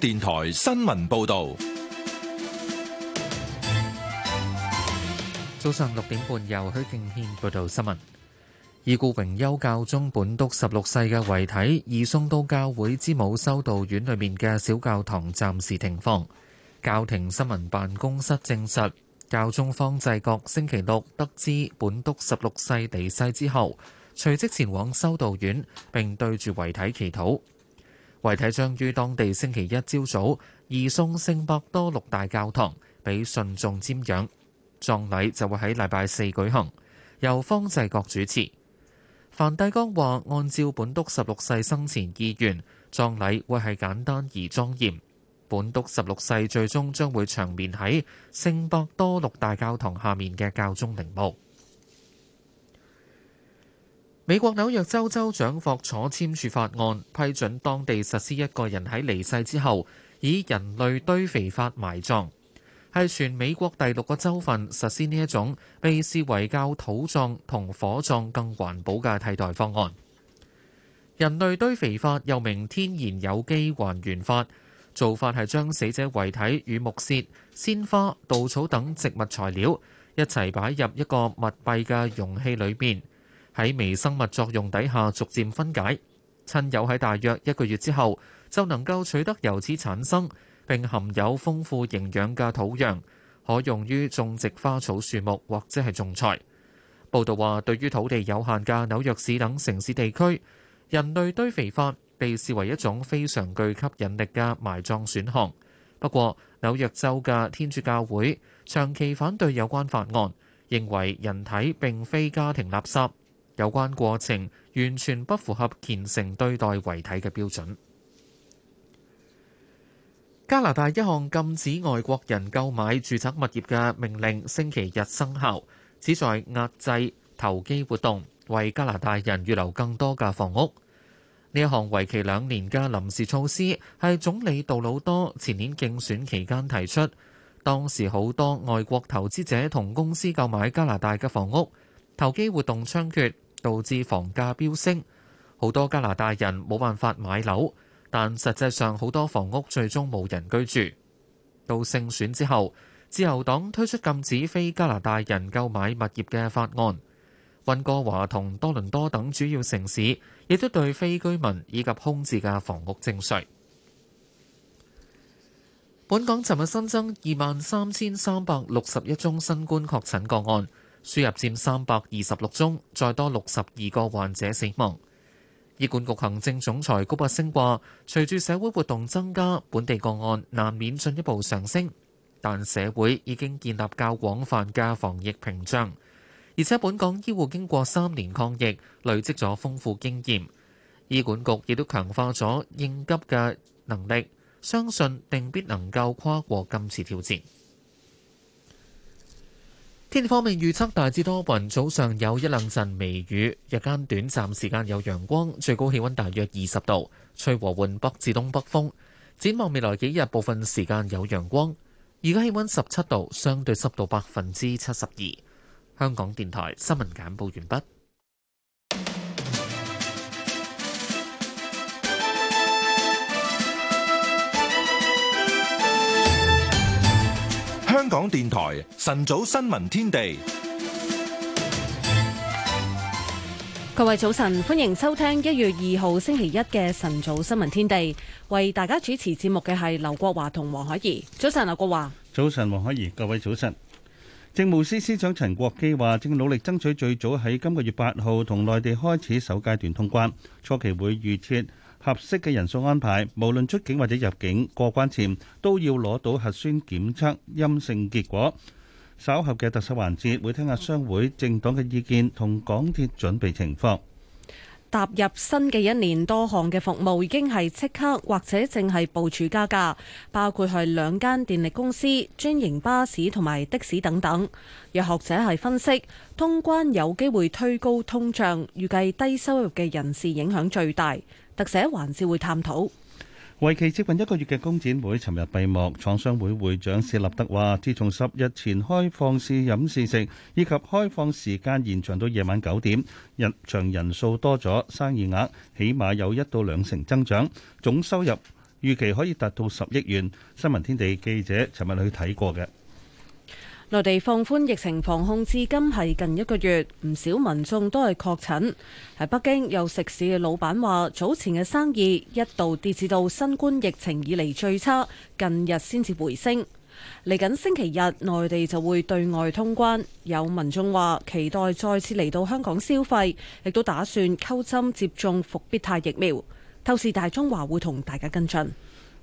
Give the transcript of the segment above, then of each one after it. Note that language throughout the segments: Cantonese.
電台新聞報道：早上六點半，由許敬軒報道新聞。已故榮休教宗本篤十六世嘅遺體移送到教會之母修道院裏面嘅小教堂，暫時停放。教廷新聞辦公室證實，教宗方濟各星期六得知本篤十六世離世之後，隨即前往修道院，並對住遺體祈禱。遺體將於當地星期一朝早移送聖伯多祿大教堂，俾信眾瞻仰。葬禮就會喺禮拜四舉行，由方濟各主持。梵蒂岡話，按照本篤十六世生前意願，葬禮會係簡單而莊嚴。本篤十六世最終將會長眠喺聖伯多祿大教堂下面嘅教宗陵墓。美國紐約州州長霍楚簽署法案，批准當地實施一個人喺離世之後以人類堆肥法埋葬，係全美國第六個州份實施呢一種被視為較土葬同火葬更環保嘅替代方案。人類堆肥法又名天然有機還原法，做法係將死者遺體與木屑、鮮花、稻草等植物材料一齊擺入一個密閉嘅容器裏面。喺微生物作用底下，逐漸分解。親友喺大約一個月之後，就能夠取得由此產生並含有豐富營養嘅土壤，可用於種植花草、樹木或者係種菜。報道話，對於土地有限嘅紐約市等城市地區，人類堆肥法被視為一種非常具吸引力嘅埋葬選項。不過，紐約州嘅天主教會長期反對有關法案，認為人體並非家庭垃圾。有關過程完全不符合虔誠對待遺體嘅標準。加拿大一項禁止外國人購買住宅物業嘅命令星期日生效，旨在壓制投機活動，為加拿大人預留更多嘅房屋。呢一項為期兩年嘅臨時措施係總理杜魯多前年競選期間提出，當時好多外國投資者同公司購買加拿大嘅房屋，投機活動猖獗。導致房價飆升，好多加拿大人冇辦法買樓，但實際上好多房屋最終冇人居住。到勝選之後，自由黨推出禁止非加拿大人購買物業嘅法案。溫哥華同多倫多等主要城市亦都對非居民以及空置嘅房屋徵稅。本港尋日新增二萬三千三百六十一宗新冠確診個案。輸入佔三百二十六宗，再多六十二個患者死亡。醫管局行政總裁高拔陞話：隨住社會活動增加，本地個案難免進一步上升，但社會已經建立較廣泛嘅防疫屏障，而且本港醫護經過三年抗疫，累積咗豐富經驗。醫管局亦都強化咗應急嘅能力，相信定必能夠跨過今次挑戰。天氣方面預測大致多雲，早上有一兩陣微雨，日間短暫時間有陽光，最高氣溫大約二十度，吹和緩北至東北風。展望未來幾日，部分時間有陽光。而家氣溫十七度，相對濕度百分之七十二。香港電台新聞簡報完畢。香港電台晨早新聞天地，各位早晨，歡迎收聽一月二號星期一嘅晨早新聞天地，為大家主持節目嘅係劉國華同黃海怡。早晨，劉國華。早晨，黃海怡。各位早晨。政務司司長陳國基話，正努力爭取最早喺今個月八號同內地開始首階段通關，初期會預設合適嘅人數安排，無論出境或者入境過關前都要攞到核酸檢測陰性結果。稍後嘅特首環節會聽下商會政黨嘅意見同港鐵準備情況。踏入新嘅一年，多項嘅服務已經係即刻或者淨係部署加價，包括係兩間電力公司、專營巴士同埋的士等等。有學者係分析，通關有機會推高通脹，預計低收入嘅人士影響最大。特寫還是會探討。為期接近一個月嘅工展會，尋日閉幕。廠商會會長薛立德話，自從十日前開放試飲試食，以及開放時間延長到夜晚九點，入場人數多咗，生意額起碼有一到兩成增長，總收入預期可以達到十億元。新聞天地記者尋日去睇過嘅。內地放寬疫情防控至今係近一個月，唔少民眾都係確診。喺北京有食肆嘅老闆話，早前嘅生意一度跌至到新冠疫情以嚟最差，近日先至回升。嚟緊星期日，內地就會對外通關。有民眾話，期待再次嚟到香港消費，亦都打算溝針接種復必泰疫苗。透視大中華會同大家跟進。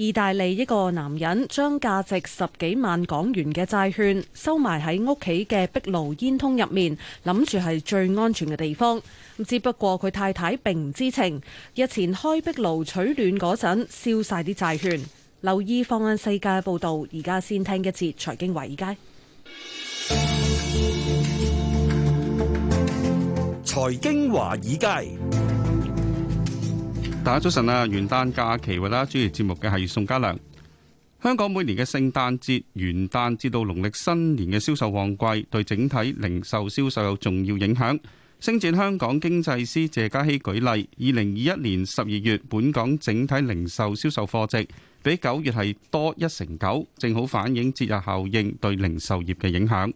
意大利一個男人將價值十幾萬港元嘅債券收埋喺屋企嘅壁爐煙通入面，諗住係最安全嘅地方。只不過佢太太並唔知情。日前開壁爐取暖嗰陣，燒晒啲債券。留意《放眼世界》報道，而家先聽一節《財經華爾街》。財經華爾街。早晨啊！元旦假期為大家主持節目嘅係宋家良。香港每年嘅聖誕節、元旦至到農曆新年嘅銷售旺季，對整體零售銷售有重要影響。星展香港經濟師謝嘉熙舉例，二零二一年十二月，本港整體零售銷售貨值比九月係多一成九，正好反映節日效應對零售業嘅影響。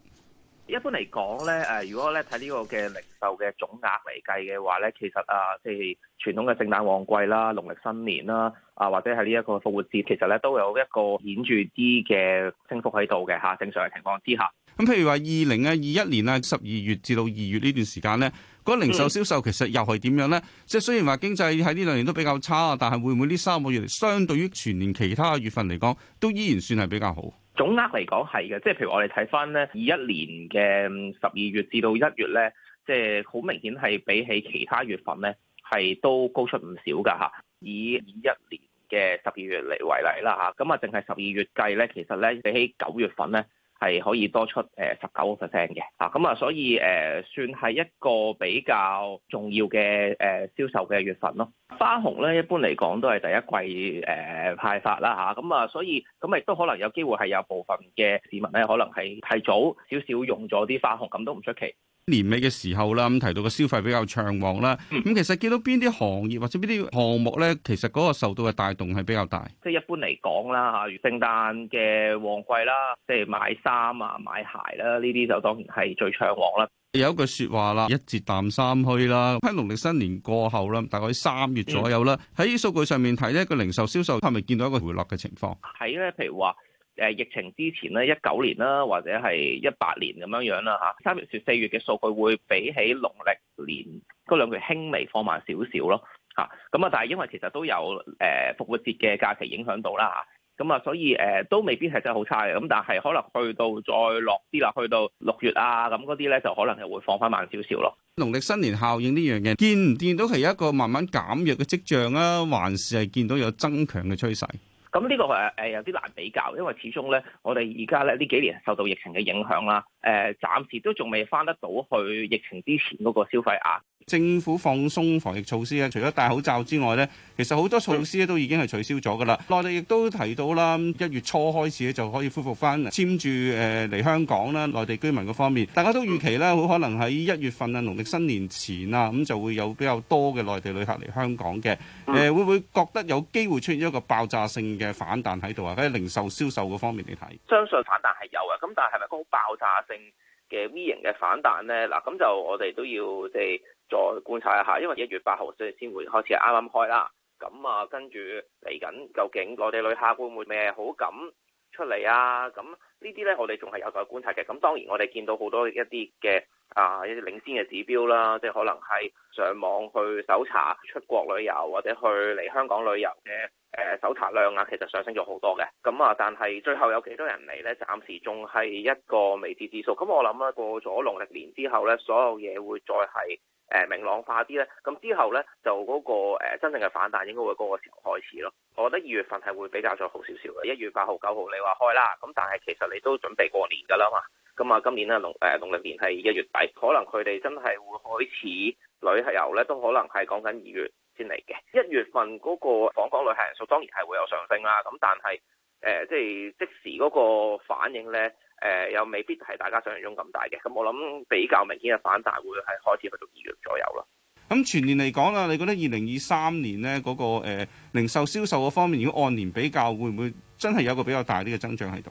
一般嚟講咧，誒，如果咧睇呢個嘅零售嘅總額嚟計嘅話咧，其實啊，即係傳統嘅聖誕旺季啦、農曆新年啦，啊，或者係呢一個復活節，其實咧都有一個顯著啲嘅升幅喺度嘅嚇。正常嘅情況之下，咁譬如話，二零啊二一年啊十二月至到二月呢段時間咧，嗰、那個、零售銷售其實又係點樣咧？即係、嗯、雖然話經濟喺呢兩年都比較差，但係會唔會呢三個月嚟，相對於全年其他月份嚟講，都依然算係比較好？總額嚟講係嘅，即係譬如我哋睇翻咧，二一年嘅十二月至到一月咧，即係好明顯係比起其他月份咧，係都高出唔少噶嚇。以二一年嘅十二月嚟為例啦嚇，咁啊，淨係十二月計咧，其實咧比起九月份咧，係可以多出誒十九個 percent 嘅，啊咁啊，所以誒、呃、算係一個比較重要嘅誒、呃、銷售嘅月份咯。花紅咧一般嚟講都係第一季誒、呃、派發啦嚇，咁啊所以咁亦都可能有機會係有部分嘅市民咧可能係提早少少用咗啲花紅，咁都唔出奇。年尾嘅時候啦，咁提到個消費比較暢旺啦，咁、嗯、其實見到邊啲行業或者邊啲項目咧，其實嗰個受到嘅帶動係比較大？即係一般嚟講啦，如聖誕嘅旺季啦，即係買衫啊、買鞋啦，呢啲就當然係最暢旺啦。有一句説話啦，一節淡三虛啦。喺農曆新年過後啦，大概三月左右啦，喺、嗯、數據上面睇呢個零售銷售係咪見到一個回落嘅情況？係咧，譬如話。誒疫情之前咧，一九年啦，或者係一八年咁樣樣啦嚇。三月至四月嘅數據會比起農曆年嗰兩期輕微放慢少少咯嚇。咁啊，但係因為其實都有誒復活節嘅假期影響到啦嚇。咁啊，所以誒都未必係真係好差嘅。咁但係可能去到再落啲啦，去到六月啊咁，嗰啲咧，那那就可能係會放翻慢少少咯。農曆新年效應呢樣嘢，見唔見到係一個慢慢減弱嘅跡象啊，還是係見到有增強嘅趨勢？咁呢個誒有啲難比較，因為始終咧，我哋而家咧呢幾年受到疫情嘅影響啦，誒、呃、暫時都仲未翻得到去疫情之前嗰個消費額。政府放鬆防疫措施，除咗戴口罩之外咧，其實好多措施咧都已經係取消咗噶啦。嗯、內地亦都提到啦，一月初開始咧就可以恢復翻簽住嚟香港啦。內地居民嗰方面，大家都預期呢，好可能喺一月份啊農曆新年前啊，咁就會有比較多嘅內地旅客嚟香港嘅。誒、嗯、會唔會覺得有機會出現一個爆炸性？嘅反彈喺度啊，喺零售銷售嗰方面嚟睇，相信反彈係有啊。咁但係係咪一個好爆炸性嘅 V 型嘅反彈呢？嗱，咁就我哋都要即係再觀察一下，因為一月八號所以先會開始啱啱開啦。咁啊，跟住嚟緊究竟內地旅客會唔會咩好感出嚟啊？咁呢啲呢，我哋仲係有待觀察嘅。咁當然我哋見到好多一啲嘅。啊！一啲領先嘅指標啦，即係可能係上網去搜查出國旅遊或者去嚟香港旅遊嘅、呃、搜查量啊，其實上升咗好多嘅。咁啊，但係最後有幾多人嚟呢？暫時仲係一個未知之數。咁我諗啊，過咗農曆年之後呢，所有嘢會再係，誒明朗化啲咧，咁之後咧就嗰個誒真正嘅反彈應該會嗰個時候開始咯。我覺得二月份係會比較再好少少嘅。一月八號、九號你話開啦，咁但係其實你都準備過年㗎啦嘛。咁啊，今年咧農誒農曆年係一月底，可能佢哋真係會開始旅遊咧，都可能係講緊二月先嚟嘅。一月份嗰個訪港旅客人數當然係會有上升啦，咁但係誒即係即時嗰個反應咧。誒又、呃、未必係大家想象中咁大嘅，咁我諗比較明顯嘅反彈會係開始去到二月左右咯。咁全年嚟講啦，你覺得二零二三年呢嗰、嗰個、呃、零售銷售嗰方面，如果按年比較，會唔會真係有個比較大啲嘅增長喺度？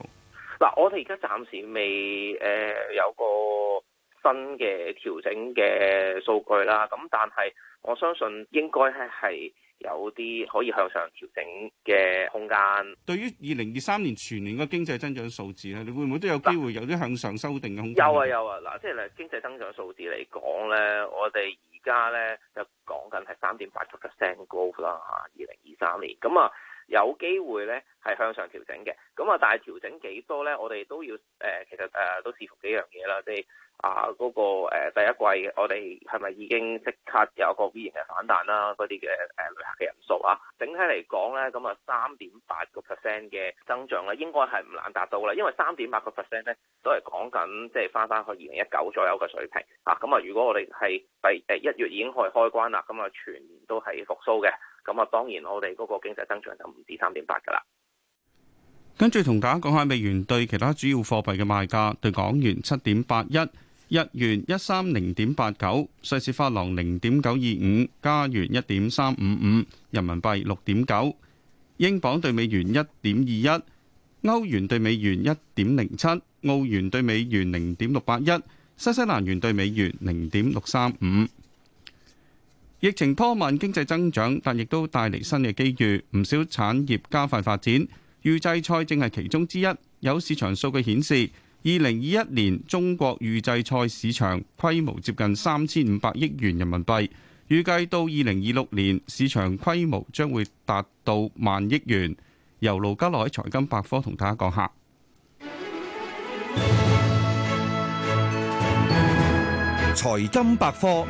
嗱，我哋而家暫時未誒、呃、有個新嘅調整嘅數據啦，咁但係我相信應該咧係。有啲可以向上調整嘅空間。對於二零二三年全年嘅經濟增長數字咧，你會唔會都有機會有啲向上修訂嘅空間？有啊有啊，嗱、就是，即係嚟經濟增長數字嚟講咧，我哋而家咧就講緊係三點八個 percent growth 啦嚇，二零二三年咁啊。有機會咧係向上調整嘅，咁啊，但係調整幾多咧？我哋都要誒、呃，其實誒、呃、都視乎幾樣嘢啦，即係啊嗰、那個、呃、第一季我哋係咪已經即刻有個 V 型嘅反彈啦、啊？嗰啲嘅誒旅客嘅人數啊，整體嚟講咧，咁啊三點八個 percent 嘅增長咧，應該係唔難達到啦，因為三點八個 percent 咧都係講緊即係翻翻去二零一九左右嘅水平啊。咁啊，如果我哋係第誒一月已經可以開關啦，咁啊全年都係復甦嘅。咁啊，當然我哋嗰個經濟增長就唔止三點八㗎喇。跟住同大家講下美元對其他主要貨幣嘅賣價：對港元七點八一，日元一三零點八九，瑞士法郎零點九二五，加元一點三五五，人民幣六點九，英鎊對美元一點二一，歐元對美元一點零七，澳元對美元零點六八一，新西蘭元對美元零點六三五。疫情拖慢經濟增長，但亦都帶嚟新嘅機遇，唔少產業加快發展。預製菜正係其中之一。有市場數據顯示，二零二一年中國預製菜市場規模接近三千五百億元人民幣，預計到二零二六年，市場規模將會達到萬億元。由盧家樂喺財金百科同大家講下，財金百科。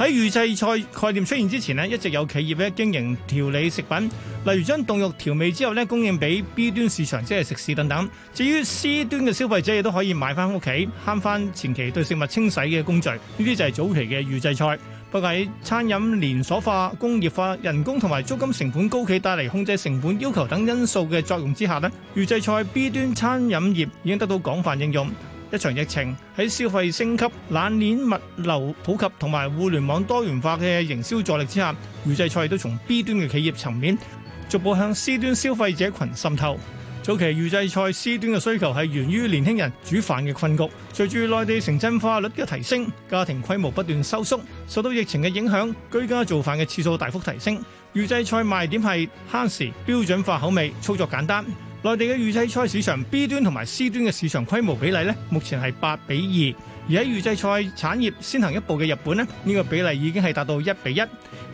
喺預製菜概念出現之前咧，一直有企業咧經營調理食品，例如將凍肉調味之後咧供應俾 B 端市場，即係食肆等等。至於 C 端嘅消費者亦都可以買翻屋企，慳翻前期對食物清洗嘅工序。呢啲就係早期嘅預製菜。不過喺餐飲連鎖化、工業化、人工同埋租金成本高企帶嚟控制成本要求等因素嘅作用之下呢，預製菜 B 端餐飲業已經得到廣泛應用。一場疫情喺消費升級、冷鏈物流普及同埋互聯網多元化嘅營銷助力之下，預製菜都從 B 端嘅企業層面逐步向 C 端消費者群滲透。早期預製菜 C 端嘅需求係源於年輕人煮飯嘅困局。隨住內地城鎮化率嘅提升，家庭規模不斷收縮，受到疫情嘅影響，居家做飯嘅次數大幅提升。預製菜賣點係慳時、標準化口味、操作簡單。內地嘅預製菜市場 B 端同埋 C 端嘅市場規模比例咧，目前係八比二。而喺預製菜產業先行一步嘅日本呢，呢個比例已經係達到一比一，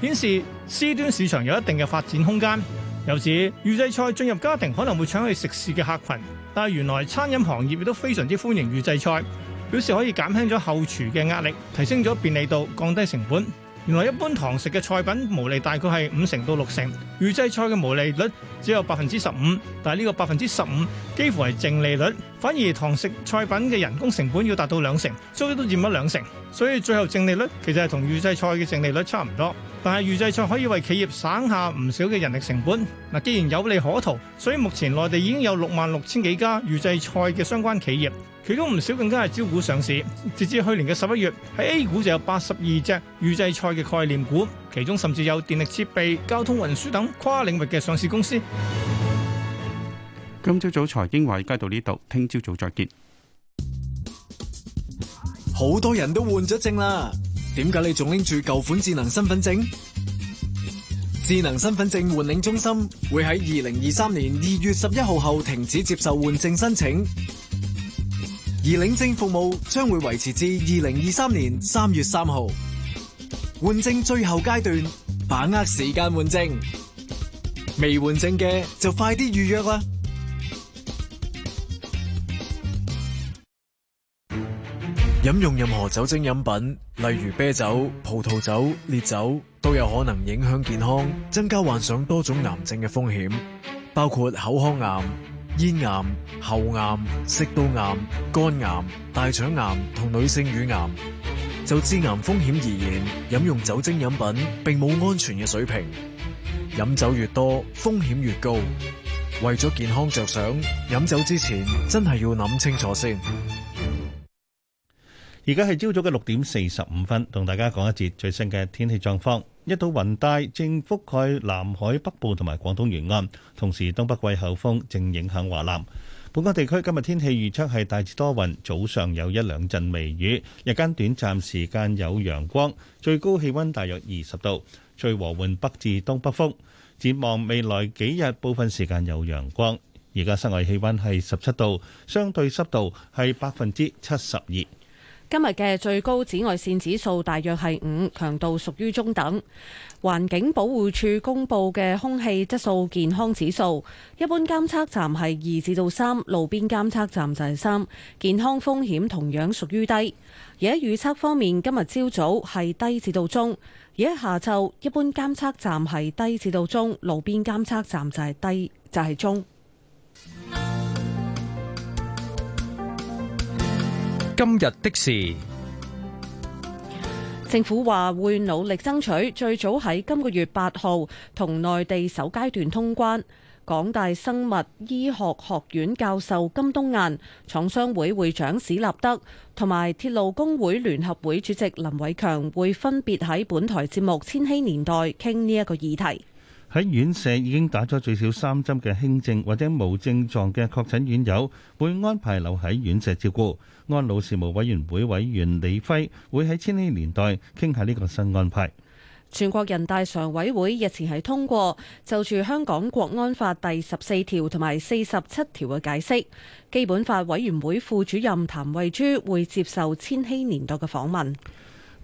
顯示 C 端市場有一定嘅發展空間。由此預製菜進入家庭可能會搶去食肆嘅客群，但係原來餐飲行業亦都非常之歡迎預製菜，表示可以減輕咗後廚嘅壓力，提升咗便利度，降低成本。原來一般堂食嘅菜品毛利大概係五成到六成，預製菜嘅毛利率只有百分之十五，但係呢個百分之十五幾乎係淨利率，反而堂食菜品嘅人工成本要達到兩成，租金都佔咗兩成，所以最後淨利率其實係同預製菜嘅淨利率差唔多。但係預製菜可以為企業省下唔少嘅人力成本。嗱，既然有利可圖，所以目前內地已經有六萬六千幾家預製菜嘅相關企業，其中唔少更加係招股上市。直至去年嘅十一月，喺 A 股就有八十二隻預製菜嘅概念股，其中甚至有電力設備、交通運輸等跨領域嘅上市公司。今朝早財經話解到呢度，聽朝早再見。好多人都換咗證啦。點解你仲拎住舊款智能身份證？智能身份證換領中心會喺二零二三年二月十一號後停止接受換證申請，而領證服務將會維持至二零二三年三月三號。換證最後階段，把握時間換證，未換證嘅就快啲預約啦！飲用任何酒精飲品，例如啤酒、葡萄酒、烈酒，都有可能影響健康，增加患上多種癌症嘅風險，包括口腔癌、咽癌、喉癌、食道癌、肝癌、大腸癌同女性乳癌。就致癌風險而言，飲用酒精飲品並冇安全嘅水平。飲酒越多，風險越高。為咗健康着想，飲酒之前真係要諗清楚先。而家係朝早嘅六點四十五分，同大家講一節最新嘅天氣狀況。一道雲帶正覆蓋南海北部同埋廣東沿岸，同時東北季候風正影響華南。本港地區今日天，天氣預測係大致多雲，早上有一兩陣微雨，日間短暫時，時間有陽光，最高氣溫大約二十度，最和緩北至東北風。展望未來幾日，部分時間有陽光。而家室外氣溫係十七度，相對濕度係百分之七十二。今日嘅最高紫外線指數大約係五，強度屬於中等。環境保護署公布嘅空氣質素健康指數，一般監測站係二至到三，三，路邊監測站就係三，健康風險同樣屬於低。而喺預測方面，今日朝早係低至到中，而喺下晝，一般監測站係低至到中，路邊監測站就係低就係、係、中。今日的事，政府話會努力爭取最早喺今個月八號同內地首階段通關。港大生物醫學學院教授金東晏、廠商會會長史立德同埋鐵路工會聯合會主席林偉強會分別喺本台節目《千禧年代》傾呢一個議題。喺院舍已經打咗最少三針嘅輕症或者無症狀嘅確診院友，會安排留喺院舍照顧。安老事務委員會委員李輝會喺《千禧年代》傾下呢個新安排。全國人大常委會日前係通過就住香港國安法第十四條同埋四十七條嘅解釋。基本法委員會副主任譚慧珠會接受《千禧年代》嘅訪問。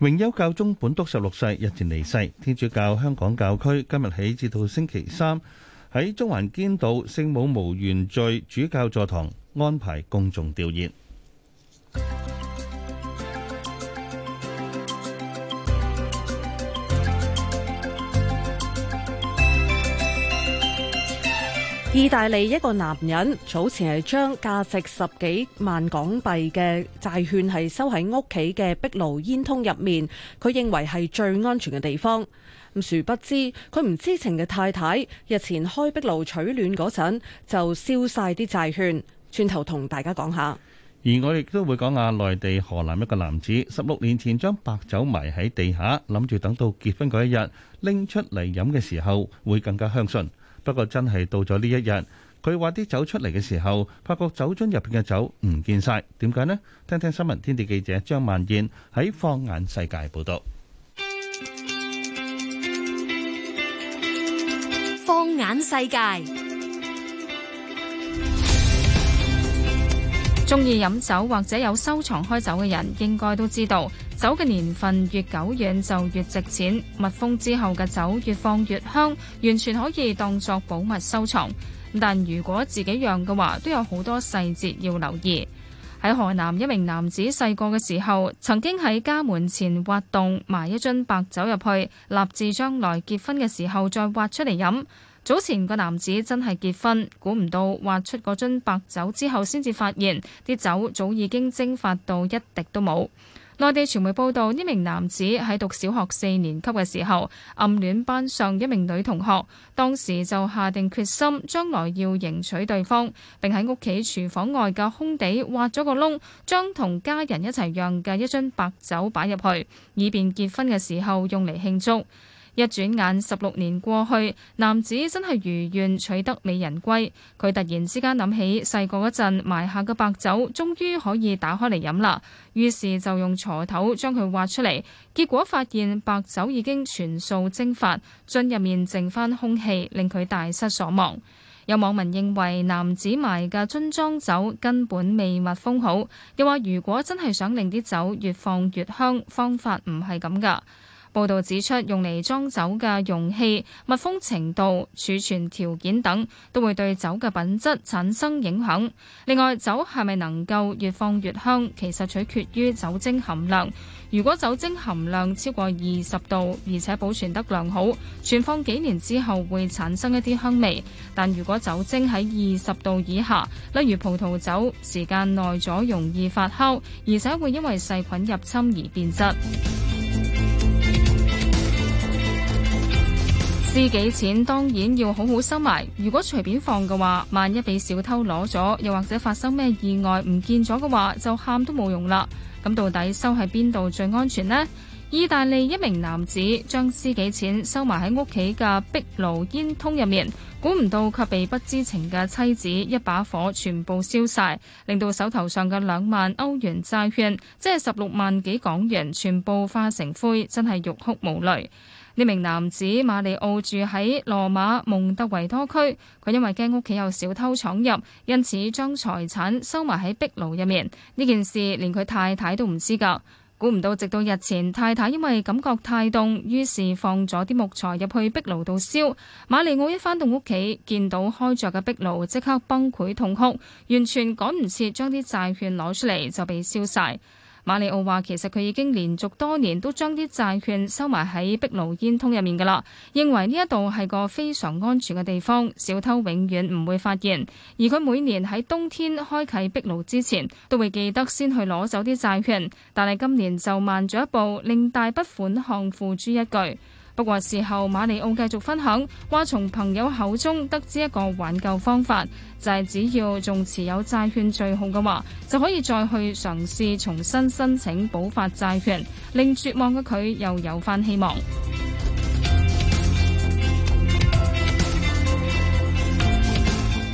榮休教宗本篤十六世日前離世，天主教香港教區今日起至到星期三喺中環堅道聖母無原罪主教座堂安排公眾吊唁。意大利一個男人早前係將價值十幾萬港幣嘅債券係收喺屋企嘅壁爐煙通入面，佢認為係最安全嘅地方。殊不知，佢唔知情嘅太太日前開壁爐取暖嗰陣就燒晒啲債券。轉頭同大家講下。而我亦都會講下，內地河南一個男子十六年前將白酒埋喺地下，諗住等到結婚嗰一日拎出嚟飲嘅時候會更加香醇。不過真係到咗呢一日，佢話啲酒出嚟嘅時候，發覺酒樽入邊嘅酒唔見晒。點解呢？聽聽新聞天地記者張曼燕喺《放眼世界》報道，《放眼世界》。中意飲酒或者有收藏開酒嘅人，應該都知道，酒嘅年份越久遠就越值錢。密封之後嘅酒越放越香，完全可以當作寶物收藏。但如果自己釀嘅話，都有好多細節要留意。喺河南，一名男子細個嘅時候，曾經喺家門前挖洞埋一樽白酒入去，立志將來結婚嘅時候再挖出嚟飲。早前個男子真係結婚，估唔到挖出嗰樽白酒之後，先至發現啲酒早已經蒸發到一滴都冇。內地傳媒報道，呢名男子喺讀小學四年級嘅時候暗戀班上一名女同學，當時就下定決心將來要迎娶對方，並喺屋企廚房外嘅空地挖咗個窿，將同家人一齊釀嘅一樽白酒擺入去，以便結婚嘅時候用嚟慶祝。一轉眼十六年過去，男子真係如願取得美人歸。佢突然之間諗起細個嗰陣埋下嘅白酒，終於可以打開嚟飲啦。於是就用鋤頭將佢挖出嚟，結果發現白酒已經全數蒸發，樽入面剩返空氣，令佢大失所望。有網民認為男子埋嘅樽裝酒根本未密封好，又話如果真係想令啲酒越放越香，方法唔係咁㗎。報道指出，用嚟裝酒嘅容器、密封程度、儲存條件等，都會對酒嘅品質產生影響。另外，酒係咪能夠越放越香，其實取決於酒精含量。如果酒精含量超過二十度，而且保存得良好，存放幾年之後會產生一啲香味。但如果酒精喺二十度以下，例如葡萄酒，時間耐咗容易發酵，而且會因為細菌入侵而變質。私己錢當然要好好收埋，如果隨便放嘅話，萬一被小偷攞咗，又或者發生咩意外唔見咗嘅話，就喊都冇用啦。咁到底收喺邊度最安全呢？意大利一名男子將私己錢收埋喺屋企嘅壁爐煙通入面，估唔到卻被不知情嘅妻子一把火全部燒晒，令到手頭上嘅兩萬歐元債券，即係十六萬幾港元，全部化成灰，真係欲哭無淚。呢名男子馬利奧住喺羅馬蒙特維多區，佢因為驚屋企有小偷闖入，因此將財產收埋喺壁爐入面。呢件事連佢太太都唔知㗎，估唔到直到日前，太太因為感覺太凍，於是放咗啲木材入去壁爐度燒。馬利奧一返到屋企，見到開着嘅壁爐，即刻崩潰痛哭，完全趕唔切將啲債券攞出嚟就被燒晒。馬里奧話：奧其實佢已經連續多年都將啲債券收埋喺壁爐煙通入面㗎喇，認為呢一度係個非常安全嘅地方，小偷永遠唔會發現。而佢每年喺冬天開啟壁爐之前，都會記得先去攞走啲債券，但係今年就慢咗一步，令大筆款項付諸一炬。不過事後，馬尼奧繼續分享話，從朋友口中得知一個挽救方法，就係、是、只要仲持有債券最好嘅話，就可以再去嘗試重新申請補發債券，令絕望嘅佢又有翻希望。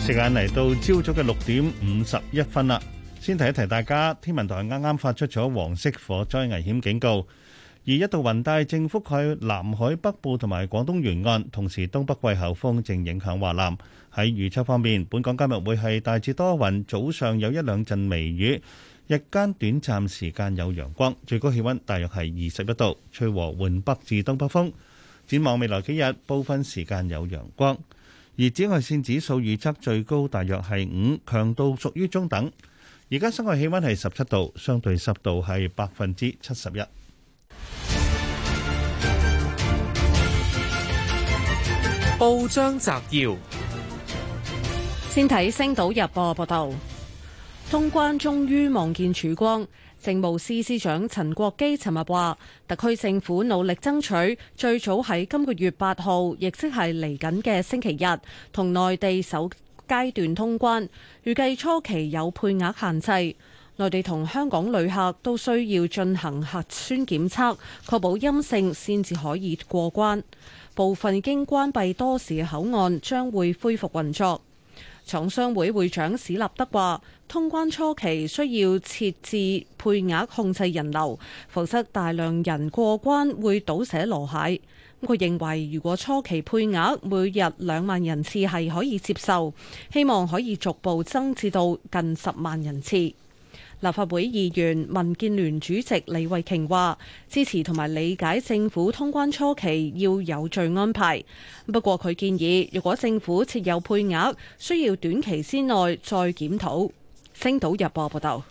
時間嚟到朝早嘅六點五十一分啦，先提一提大家，天文台啱啱發出咗黃色火災危險警告。而一度雲帶正覆蓋南海北部同埋廣東沿岸，同時東北季候風正影響華南。喺預測方面，本港今日會係大致多雲，早上有一兩陣微雨，日間短暫時間有陽光，最高氣温大約係二十一度，吹和緩北至東北風。展望未來幾日，部分時間有陽光，而紫外線指數預測最高大約係五，強度屬於中等。而家室外氣溫係十七度，相對濕度係百分之七十一。報章摘要，先睇星島日報報道，通關終於望見曙光。政務司司長陳國基尋日話，特區政府努力爭取，最早喺今個月八號，亦即係嚟緊嘅星期日，同內地首階段通關。預計初期有配額限制，內地同香港旅客都需要進行核酸檢測，確保陰性先至可以過關。部分已經關閉多時口岸將會恢復運作。廠商會會長史立德話，通關初期需要設置配額控制人流，否則大量人過關會倒瀉籮蟹。佢認為，如果初期配額每日兩萬人次係可以接受，希望可以逐步增至到近十萬人次。立法會議員民建聯主席李慧瓊話：支持同埋理解政府通關初期要有序安排，不過佢建議，如果政府設有配額，需要短期先內再檢討。星島日報報道。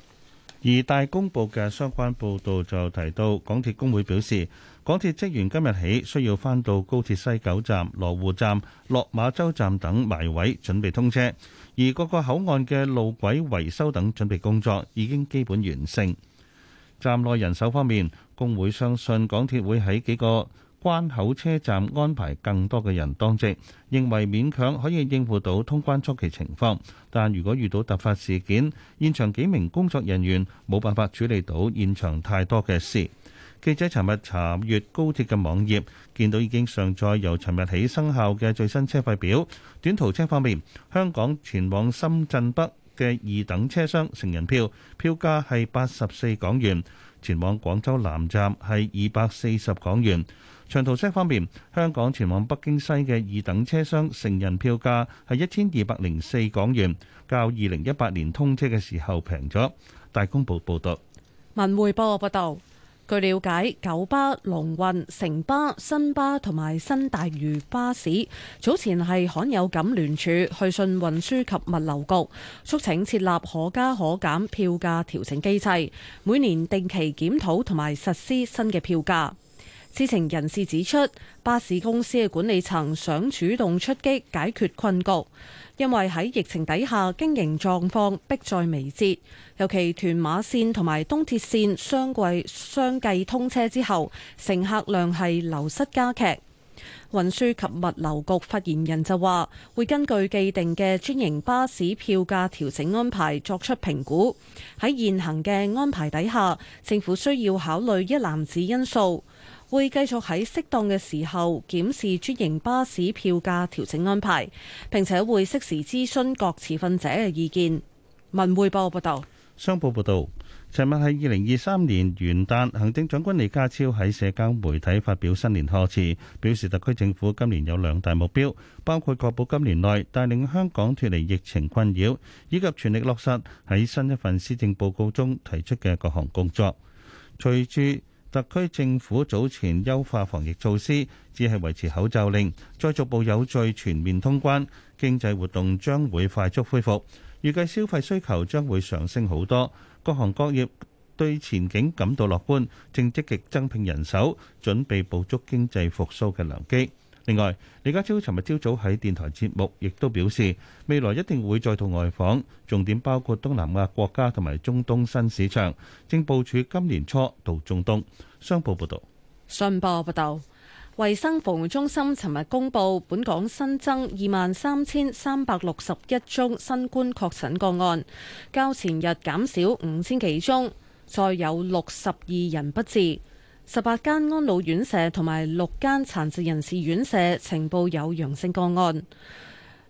而大公報嘅相關報導就提到，港鐵工會表示，港鐵職員今日起需要翻到高鐵西九站、羅湖站、落馬洲站等埋位準備通車。而各個口岸嘅路軌維修等準備工作已經基本完成。站內人手方面，工會相信港鐵會喺幾個關口車站安排更多嘅人當值，認為勉強可以應付到通關初期情況。但如果遇到突發事件，現場幾名工作人員冇辦法處理到現場太多嘅事。記者尋日查閱高鐵嘅網頁，見到已經上載由尋日起生效嘅最新車費表。短途車方面，香港前往深圳北嘅二等車廂成人票票價係八十四港元；前往廣州南站係二百四十港元。長途車方面，香港前往北京西嘅二等車廂成人票價係一千二百零四港元，較二零一八年通車嘅時候平咗。大公報報道，文匯報報道。據了解，九巴、龍運、城巴、新巴同埋新大嶼巴士早前係罕有咁聯署去信運輸及物流局，促請設立可加可減票價調整機制，每年定期檢討同埋實施新嘅票價。知情人士指出，巴士公司嘅管理層想主動出擊，解決困局。因為喺疫情底下經營狀況迫在眉睫，尤其屯馬線同埋東鐵線相繼相繼通車之後，乘客量係流失加劇。運輸及物流局發言人就話，會根據既定嘅專營巴士票價調整安排作出評估。喺現行嘅安排底下，政府需要考慮一籃子因素。會繼續喺適當嘅時候檢視專營巴士票價調整安排，並且會適時諮詢各持份者嘅意見。文匯報報道：「商報報道，尋日係二零二三年元旦，行政長官李家超喺社交媒體發表新年賀詞，表示特區政府今年有兩大目標，包括確保今年內帶領香港脫離疫情困擾，以及全力落實喺新一份施政報告中提出嘅各項工作。隨住。特區政府早前優化防疫措施，只係維持口罩令，再逐步有序全面通關，經濟活動將會快速恢復，預計消費需求將會上升好多，各行各業對前景感到樂觀，正積極增聘人手，準備捕捉經濟復甦嘅良機。另外，李家超尋日朝早喺電台節目亦都表示，未來一定會再度外訪，重點包括東南亞國家同埋中東新市場，正部署今年初到中東。商報報道。信報報道，衞生防護中心尋日公布，本港新增二萬三千三百六十一宗新冠確診個案，較前日減少五千幾宗，再有六十二人不治。十八間安老院舍同埋六間殘疾人士院舍呈報有陽性個案，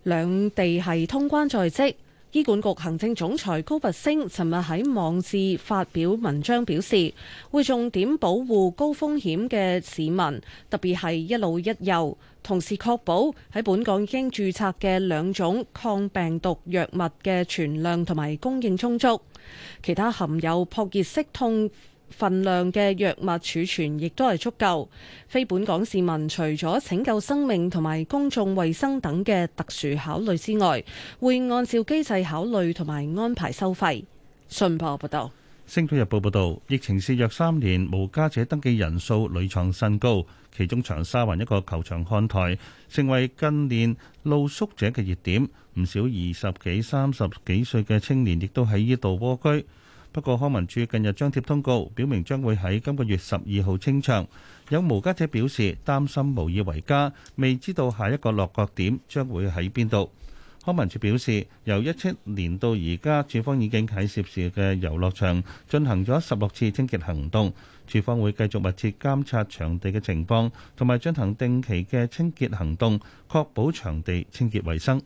兩地係通關在即。醫管局行政總裁高拔昇尋日喺網誌發表文章，表示會重點保護高風險嘅市民，特別係一老一幼，同時確保喺本港已經註冊嘅兩種抗病毒藥物嘅存量同埋供應充足。其他含有撲熱息痛份量嘅藥物儲存亦都係足夠。非本港市民除咗拯救生命同埋公眾衞生等嘅特殊考慮之外，會按照機制考慮同埋安排收費。信報報道，《星島日報》報道，疫情肆虐三年，無家者登記人數屢創新高。其中，長沙灣一個球場看台成為近年露宿者嘅熱點，唔少二十幾、三十幾歲嘅青年亦都喺呢度蝸居。不過康文署近日張貼通告，表明將會喺今個月十二號清場。有無家者表示擔心無以為家，未知道下一個落腳點將會喺邊度。康文署表示，由一七年到而家，署方已經喺涉事嘅遊樂場進行咗十六次清潔行動。署方會繼續密切監察場地嘅情況，同埋進行定期嘅清潔行動，確保場地清潔衞生。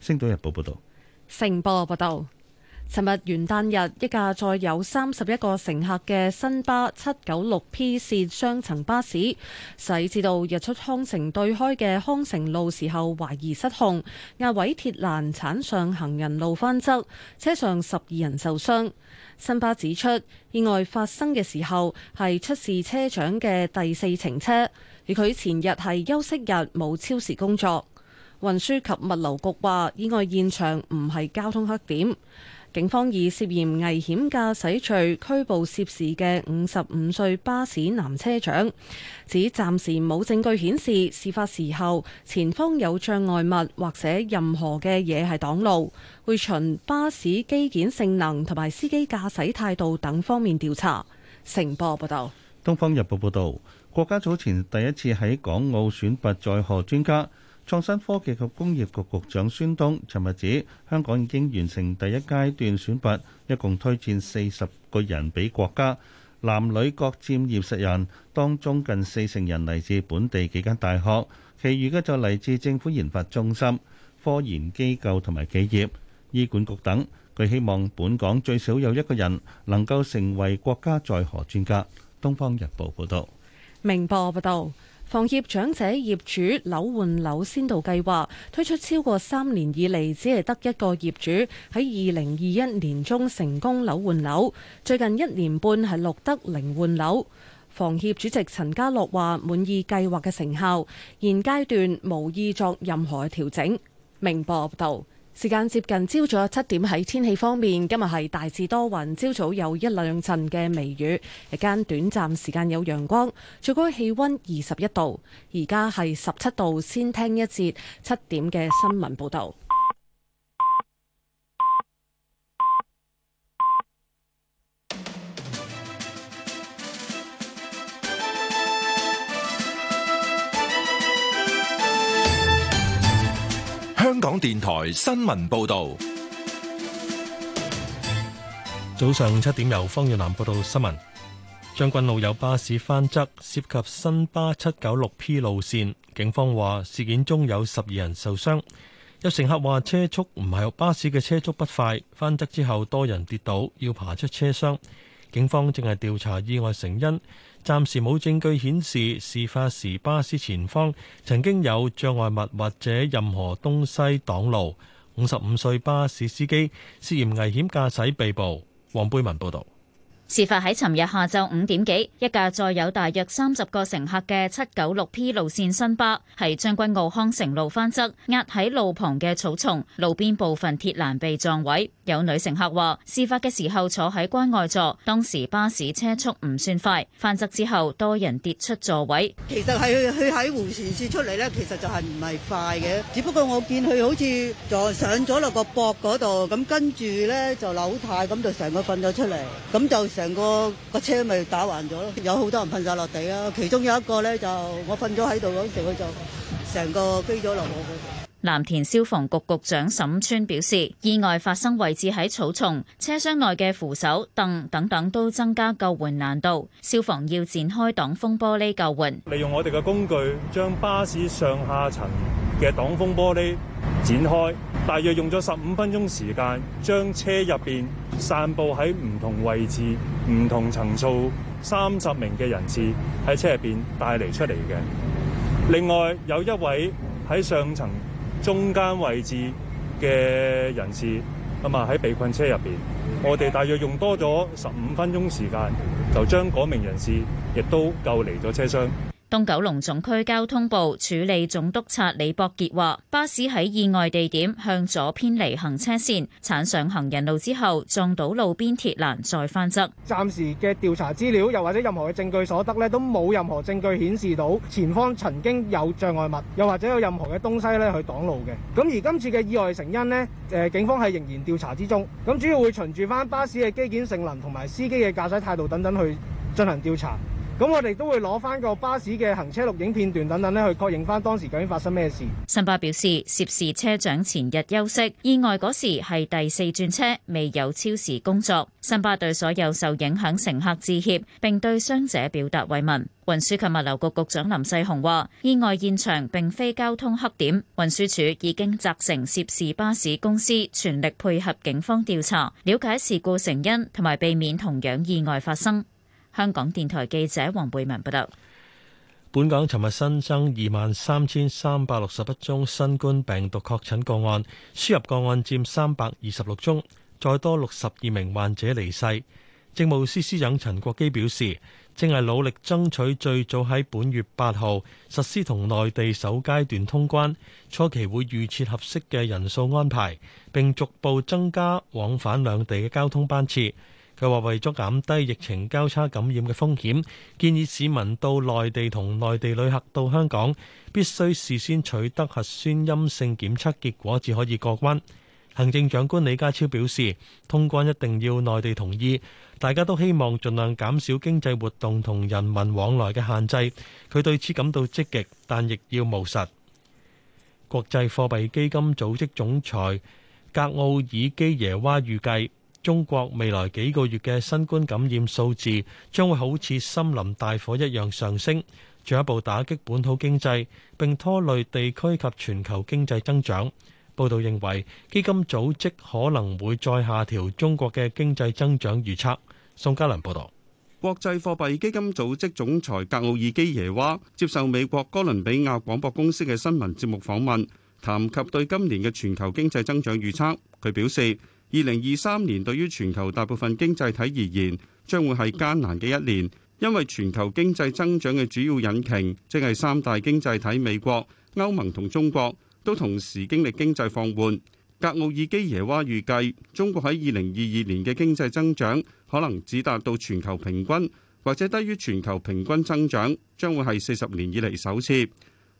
星島日報報道。成報報導。尋日元旦日，一架載有三十一個乘客嘅新巴 796P 線雙層巴士，駛至到日出康城對開嘅康城路時候，懷疑失控壓毀鐵欄，剷上行人路翻側，車上十二人受傷。新巴指出，意外發生嘅時候係出事車長嘅第四程車，而佢前日係休息日，冇超時工作。運輸及物流局話，意外現場唔係交通黑點。警方以涉嫌危險駕駛罪拘捕涉事嘅五十五歲巴士男車長，指暫時冇證據顯示事發時候前方有障礙物或者任何嘅嘢係擋路，會循巴士機件性能同埋司機駕駛態度等方面調查。《成報》報道，《東方日報》報道，國家早前第一次喺港澳選拔載荷專家。創新科技及工業局局長孫東尋日指，香港已經完成第一階段選拔，一共推薦四十個人俾國家，男女各佔二十人，當中近四成人嚟自本地幾間大學，其餘嘅就嚟自政府研發中心、科研機構同埋企業、醫管局等。佢希望本港最少有一個人能夠成為國家載荷專家。《東方日報,報》報道。明報報道。房協長者業主樓換樓先導計劃推出超過三年以嚟，只係得一個業主喺二零二一年中成功樓換樓，最近一年半係錄得零換樓。房協主席陳家樂話：滿意計劃嘅成效，現階段無意作任何調整。明報報道。時間接近朝早七點。喺天氣方面，今日係大致多雲，朝早有一兩陣嘅微雨，日間短暫時間有陽光，最高氣溫二十一度，而家係十七度。先聽一節七點嘅新聞報道。香港電台新聞報道，早上七點由方遠南報道新聞。將軍路有巴士翻側，涉及新巴七九六 P 路線。警方話事件中有十二人受傷。有乘客話，車速唔係巴士嘅車速不快，翻側之後多人跌倒要爬出車廂。警方正係調查意外成因。暫時冇證據顯示事發時巴士前方曾經有障礙物或者任何東西擋路。五十五歲巴士司機涉嫌危險駕駛被捕。黃貝文報導。事發喺尋日下晝五點幾，一架載有大約三十個乘客嘅七九六 P 路線新巴，喺將軍澳康城路翻側，壓喺路旁嘅草叢，路邊部分鐵欄被撞毀。有女乘客話：事發嘅時候坐喺關外座，當時巴士車速唔算快，翻側之後多人跌出座位。其實係佢喺湖士處出嚟呢，其實就係唔係快嘅，只不過我見佢好似就上咗落個膊嗰度，咁跟住咧就扭太，咁就成個瞓咗出嚟，咁就。成個個車咪打橫咗咯，有好多人噴曬落地啦。其中有一個咧，我在那裡的就我瞓咗喺度嗰時，佢就成個飛咗落我度。藍田消防局局長沈川表示，意外發生位置喺草叢，車廂內嘅扶手、凳等等都增加救援難度。消防要展開擋風玻璃救援，利用我哋嘅工具將巴士上下層嘅擋風玻璃展開，大約用咗十五分鐘時間，將車入邊散佈喺唔同位置、唔同層數三十名嘅人士喺車入邊帶離出嚟嘅。另外，有一位喺上層。中間位置嘅人士啊嘛，喺被困車入邊，我哋大約用多咗十五分鐘時間，就將嗰名人士亦都救離咗車廂。東九龍總區交通部處理總督察李博杰話，巴士喺意外地點向左偏離行車線，鏟上行人路之後撞到路邊鐵欄，再翻側。暫時嘅調查資料，又或者任何嘅證據所得咧，都冇任何證據顯示到前方曾經有障礙物，又或者有任何嘅東西咧去擋路嘅。咁而今次嘅意外成因咧，誒警方係仍然調查之中。咁主要會循住翻巴士嘅機件性能同埋司機嘅駕駛態度等等去進行調查。咁我哋都會攞翻個巴士嘅行車錄影片段等等呢去確認翻當時究竟發生咩事。新巴表示，涉事車長前日休息，意外嗰時係第四轉車，未有超時工作。新巴對所有受影響乘客致歉，並對傷者表達慰問。運輸及物流局局長林世雄話：意外現場並非交通黑點，運輸署已經責成涉事巴士公司全力配合警方調查，了解事故成因同埋避免同樣意外發生。香港電台記者黃貝文報道，本港尋日新增二萬三千三百六十一宗新冠病毒確診個案，輸入個案佔三百二十六宗，再多六十二名患者離世。政務司司長陳國基表示，正係努力爭取最早喺本月八號實施同內地首階段通關，初期會預設合適嘅人數安排，並逐步增加往返兩地嘅交通班次。佢話為咗減低疫情交叉感染嘅風險，建議市民到內地同內地旅客到香港，必須事先取得核酸陰性檢測結果，至可以過關。行政長官李家超表示，通關一定要內地同意，大家都希望盡量減少經濟活動同人民往來嘅限制。佢對此感到積極，但亦要務實。國際貨幣基金組織總裁格奧爾基耶娃預計，中國未來幾個月嘅新冠感染數字將會好似森林大火一樣上升，進一步打擊本土經濟並拖累地區及全球經濟增長。報導認為，基金組織可能會再下調中國嘅經濟增長預測。宋嘉良報導。國際貨幣基金組織總裁格奧爾基耶娃接受美國哥倫比亞廣播公司嘅新聞節目訪問，談及對今年嘅全球經濟增長預測，佢表示。二零二三年對於全球大部分經濟體而言，將會係艱難嘅一年，因為全球經濟增長嘅主要引擎，即係三大經濟體美國、歐盟同中國，都同時經歷經濟放緩。格奧爾基耶娃預計，中國喺二零二二年嘅經濟增長可能只達到全球平均，或者低於全球平均增長，將會係四十年以嚟首次。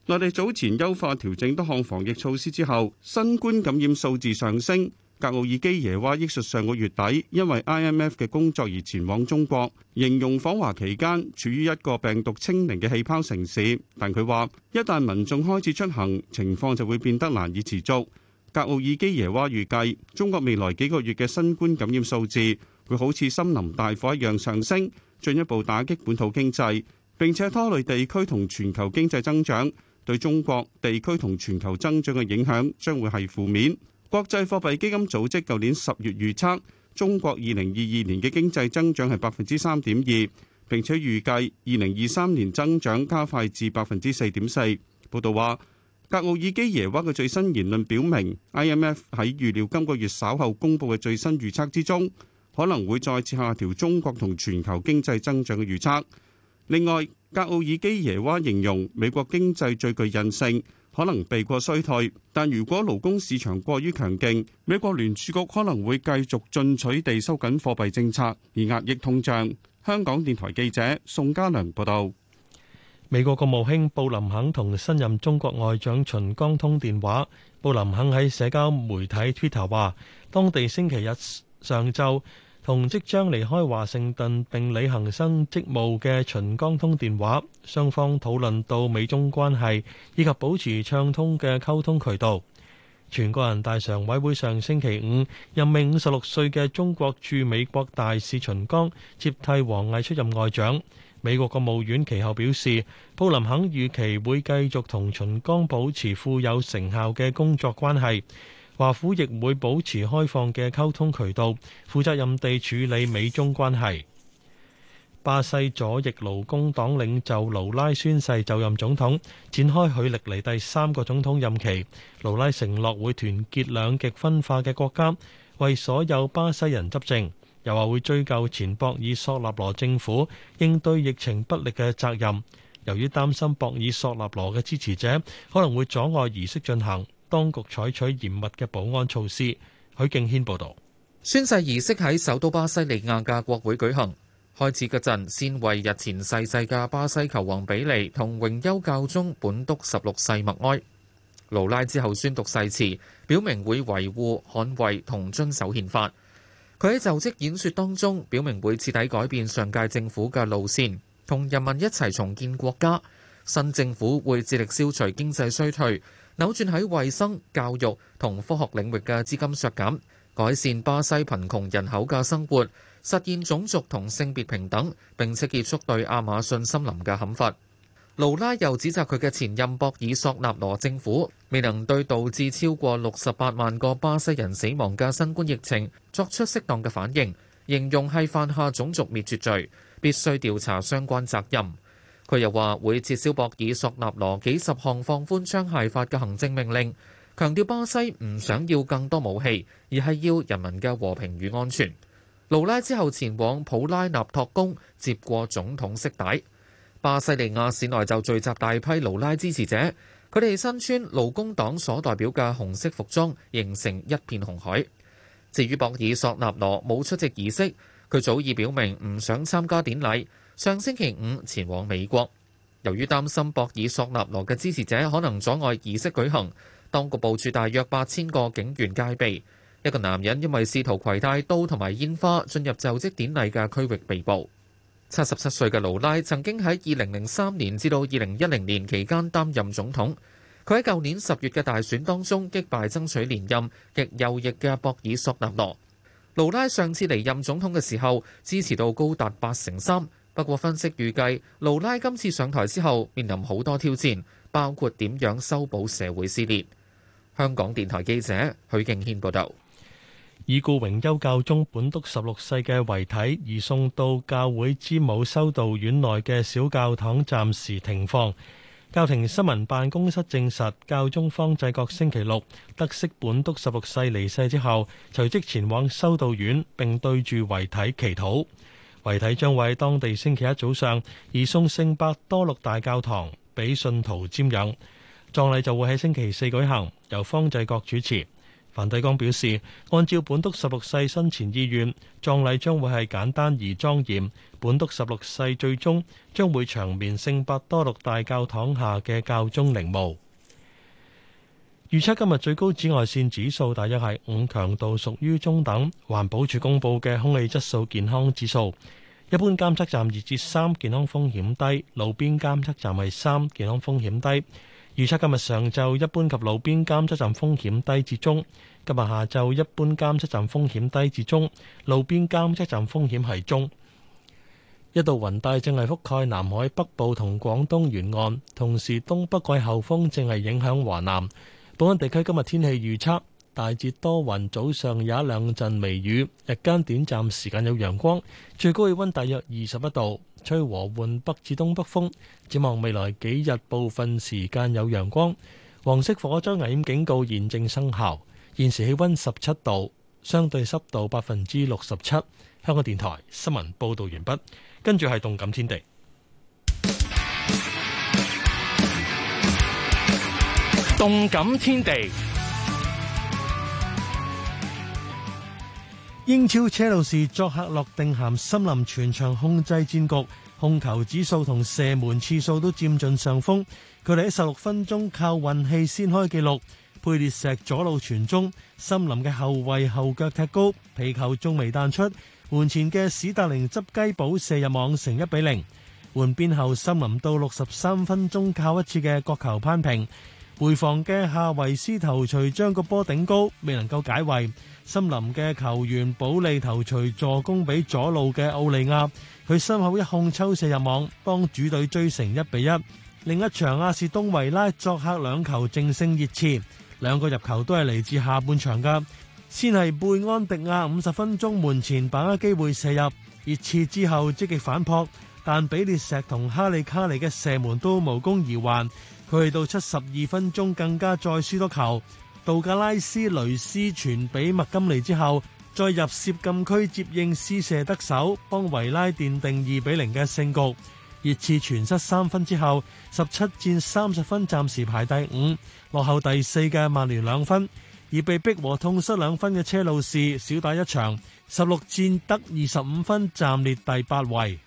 內地早前優化調整多項防疫措施之後，新冠感染數字上升。格奧爾基耶娃憶述：「上個月底因為 IMF 嘅工作而前往中國，形容訪華期間處於一個病毒清零嘅氣泡城市。但佢話，一旦民眾開始出行，情況就會變得難以持續。」格奧爾基耶娃預計，中國未來幾個月嘅新冠感染數字會好似森林大火一樣上升，進一步打擊本土經濟，並且拖累地區同全球經濟增長。對中國地區同全球增長嘅影響將會係負面。國際貨幣基金組織舊年十月預測中國二零二二年嘅經濟增長係百分之三點二，並且預計二零二三年增長加快至百分之四點四。報道話，格奧爾基耶娃嘅最新言論表明，IMF 喺預料今個月稍後公布嘅最新預測之中，可能會再次下調中國同全球經濟增長嘅預測。另外，格奧爾基耶娃形容美國經濟最具韌性。可能避過衰退，但如果勞工市場過於強勁，美國聯儲局可能會繼續進取地收緊貨幣政策，而壓抑通脹。香港電台記者宋家良報道，美國國務卿布林肯同新任中國外長秦剛通電話。布林肯喺社交媒體 Twitter 話，當地星期日上晝。同即將離開華盛頓並履行新職務嘅秦剛通電話，雙方討論到美中關係以及保持暢通嘅溝通渠道。全國人大常委會上星期五任命五十六歲嘅中國駐美國大使秦剛接替王毅出任外長。美國國務院其後表示，布林肯預期會繼續同秦剛保持富有成效嘅工作關係。華府亦會保持開放嘅溝通渠道，負責任地處理美中關係。巴西左翼勞工黨領袖盧拉宣誓就任總統，展開佢歷來第三個總統任期。盧拉承諾會團結兩極分化嘅國家，為所有巴西人執政。又話會追究前博爾索納羅政府應對疫情不力嘅責任。由於擔心博爾索納羅嘅支持者可能會阻礙儀式進行，當局採取嚴密嘅保安措施。許敬軒報導，宣誓儀式喺首都巴西利亞嘅國會舉行。開始嗰陣先為日前逝世嘅巴西球王比利同榮休教宗本篤十六世默哀。盧拉之後宣讀誓詞，表明會維護捍衞同遵守憲法。佢喺就職演說當中表明會徹底改變上屆政府嘅路線，同人民一齊重建國家。新政府會致力消除經濟衰退，扭轉喺衛生、教育同科學領域嘅資金削減，改善巴西貧窮人口嘅生活，實現種族同性別平等，並且結束對亞馬遜森林嘅砍伐。盧拉又指責佢嘅前任博爾索納羅政府未能對導致超過六十八萬個巴西人死亡嘅新冠疫情作出適當嘅反應，形容係犯下種族滅絕罪，必須調查相關責任。佢又話會撤銷博爾索納羅幾十項放寬槍械法嘅行政命令，強調巴西唔想要更多武器，而係要人民嘅和平與安全。盧拉之後前往普拉納托宮，接過總統色帶。巴西利亞市內就聚集大批盧拉支持者，佢哋身穿勞工黨所代表嘅紅色服裝，形成一片紅海。至於博爾索納羅冇出席儀式，佢早已表明唔想參加典禮。上星期五前往美國，由於擔心博爾索納羅嘅支持者可能阻礙儀式舉行，當局部署大約八千個警員戒備。一個男人因為試圖攜帶刀同埋煙花進入就職典禮嘅區域被捕。七十七歲嘅盧拉曾經喺二零零三年至到二零一零年期間擔任總統。佢喺舊年十月嘅大選當中擊敗爭取連任極右翼嘅博爾索納羅。盧拉上次離任總統嘅時候，支持度高達八成三。不過分析預計，盧拉今次上台之後，面臨好多挑戰，包括點樣修補社會撕裂。香港電台記者許敬軒報導，已故榮休教宗本篤十六世嘅遺體移送到教會之母修道院內嘅小教堂暫時停放。教廷新聞辦公室證實，教宗方濟各星期六得悉本篤十六世離世之後，隨即前往修道院並對住遺體祈禱。遺體將會喺當地星期一早上移送聖伯多祿大教堂俾信徒瞻仰，葬禮就會喺星期四舉行，由方濟各主持。梵蒂岡表示，按照本篤十六世生前意願，葬禮將會係簡單而莊嚴。本篤十六世最終將會長眠聖伯多祿大教堂下嘅教宗陵墓。預測今日最高紫外線指數大約係五，強度屬於中等。環保署公布嘅空氣質素健康指數，一般監測站二至三，健康風險低；路邊監測站係三，健康風險低。預測今日上晝一般及路邊監測站風險低至中，今日下晝一般監測站風險低至中，路邊監測站風險係中。一道雲帶正係覆蓋南海北部同廣東沿岸，同時東北季候風正係影響華南。本港地區今日天氣預測，大致多雲，早上有一兩陣微雨，日間短暫時間有陽光，最高氣溫大約二十一度，吹和緩北至東北風，展望未來幾日，部分時間有陽光。黃色火災危險警告現正生效。現時氣溫十七度，相對濕度百分之六十七。香港電台新聞報道完畢，跟住係動感天地。動感天地，英超車路士作客諾定咸森林，全場控制戰局，控球指數同射門次數都佔盡上風。佢哋喺十六分鐘靠運氣先開紀錄，佩列石左路傳中，森林嘅後衛後腳踢高，皮球仲未彈出，門前嘅史達寧執雞補射入網，成一比零。換邊後，森林到六十三分鐘靠一次嘅角球攀平。回防嘅夏維斯頭錘將個波頂高，未能夠解圍。森林嘅球員保利頭錘助攻俾左路嘅奧利亞，佢身後一控抽射入網，幫主隊追成一比一。另一場阿士東維拉作客兩球正勝熱刺，兩個入球都係嚟自下半場噶。先係貝安迪亞五十分鐘門前把握機會射入，熱刺之後積極反撲，但比利石同哈利卡尼嘅射門都無功而還。佢去到七十二分鐘更加再輸多球，杜格拉斯雷斯傳俾麥金尼之後，再入涉禁區接應試射得手，幫維拉奠定二比零嘅勝局。熱刺全失三分之後，十七戰三十分，暫時排第五，落後第四嘅曼聯兩分，而被逼和痛失兩分嘅車路士少打一場，十六戰得二十五分，暫列第八位。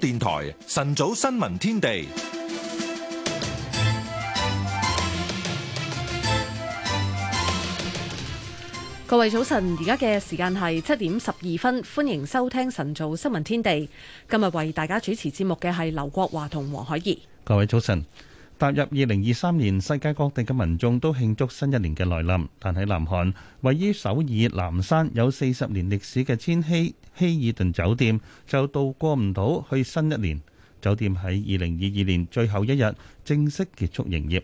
電台晨早新聞天地，各位早晨，而家嘅時間係七點十二分，歡迎收聽晨早新聞天地。今日為大家主持節目嘅係劉國華同黃海怡。各位早晨。踏入二零二三年，世界各地嘅民眾都慶祝新一年嘅來臨。但喺南韓，位於首爾南山有四十年歷史嘅千禧希爾頓酒店就度過唔到去新一年。酒店喺二零二二年最後一日正式結束營業。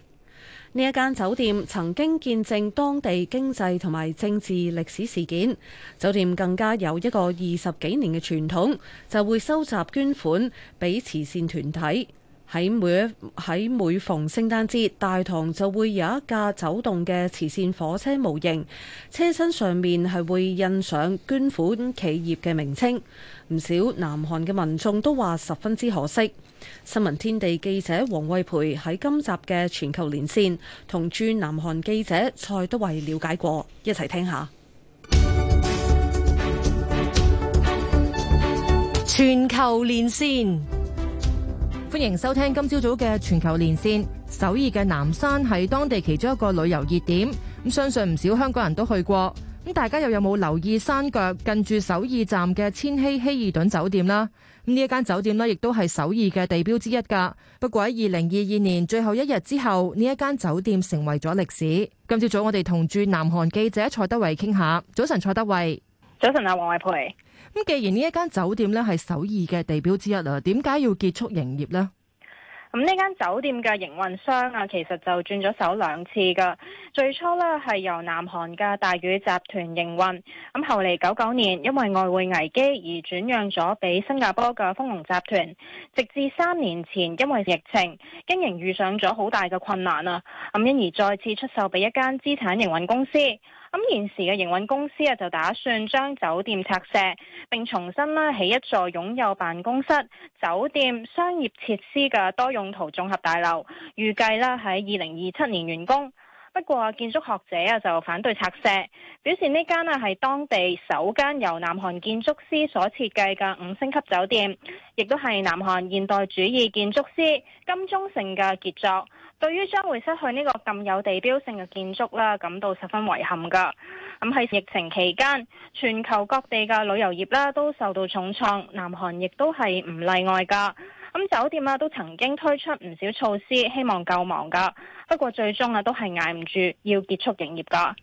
呢一間酒店曾經見證當地經濟同埋政治歷史事件。酒店更加有一個二十幾年嘅傳統，就會收集捐款俾慈善團體。喺每喺每逢聖誕節，大堂就會有一架走動嘅慈善火車模型，車身上面係會印上捐款企業嘅名稱。唔少南韓嘅民眾都話十分之可惜。新聞天地記者黃慧培喺今集嘅全球連線同駐南韓記者蔡德惠了解過，一齊聽下。全球連線。歡迎收聽今朝早嘅全球連線。首爾嘅南山係當地其中一個旅遊熱點，咁相信唔少香港人都去過。咁大家又有冇留意山腳近住首爾站嘅千禧希爾頓酒店啦？咁呢一間酒店呢，亦都係首爾嘅地標之一噶。不過喺二零二二年最後一日之後，呢一間酒店成為咗歷史。今朝早我哋同駐南韓記者蔡德偉傾下。早晨，蔡德偉。早晨，阿黃偉培。咁既然呢一間酒店咧係首爾嘅地標之一啊，點解要結束營業呢？咁呢間酒店嘅營運商啊，其實就轉咗手兩次噶。最初咧係由南韓嘅大宇集團營運，咁後嚟九九年因為外匯危機而轉讓咗俾新加坡嘅豐隆集團，直至三年前因為疫情經營遇上咗好大嘅困難啊，咁因而再次出售俾一間資產營運公司。咁現時嘅營運公司啊，就打算將酒店拆卸，並重新呢起一座擁有辦公室、酒店、商業設施嘅多用途綜合大樓，預計呢喺二零二七年完工。不過，建築學者啊就反對拆卸，表示呢間啊係當地首間由南韓建築師所設計嘅五星級酒店，亦都係南韓現代主義建築師金鐘誠嘅傑作。對於將會失去呢個咁有地標性嘅建築啦，感到十分遺憾㗎。咁喺疫情期間，全球各地嘅旅遊業啦都受到重創，南韓亦都係唔例外㗎。咁酒店啊都曾經推出唔少措施，希望救亡㗎。不過最終啊，都係捱唔住要結束營業噶。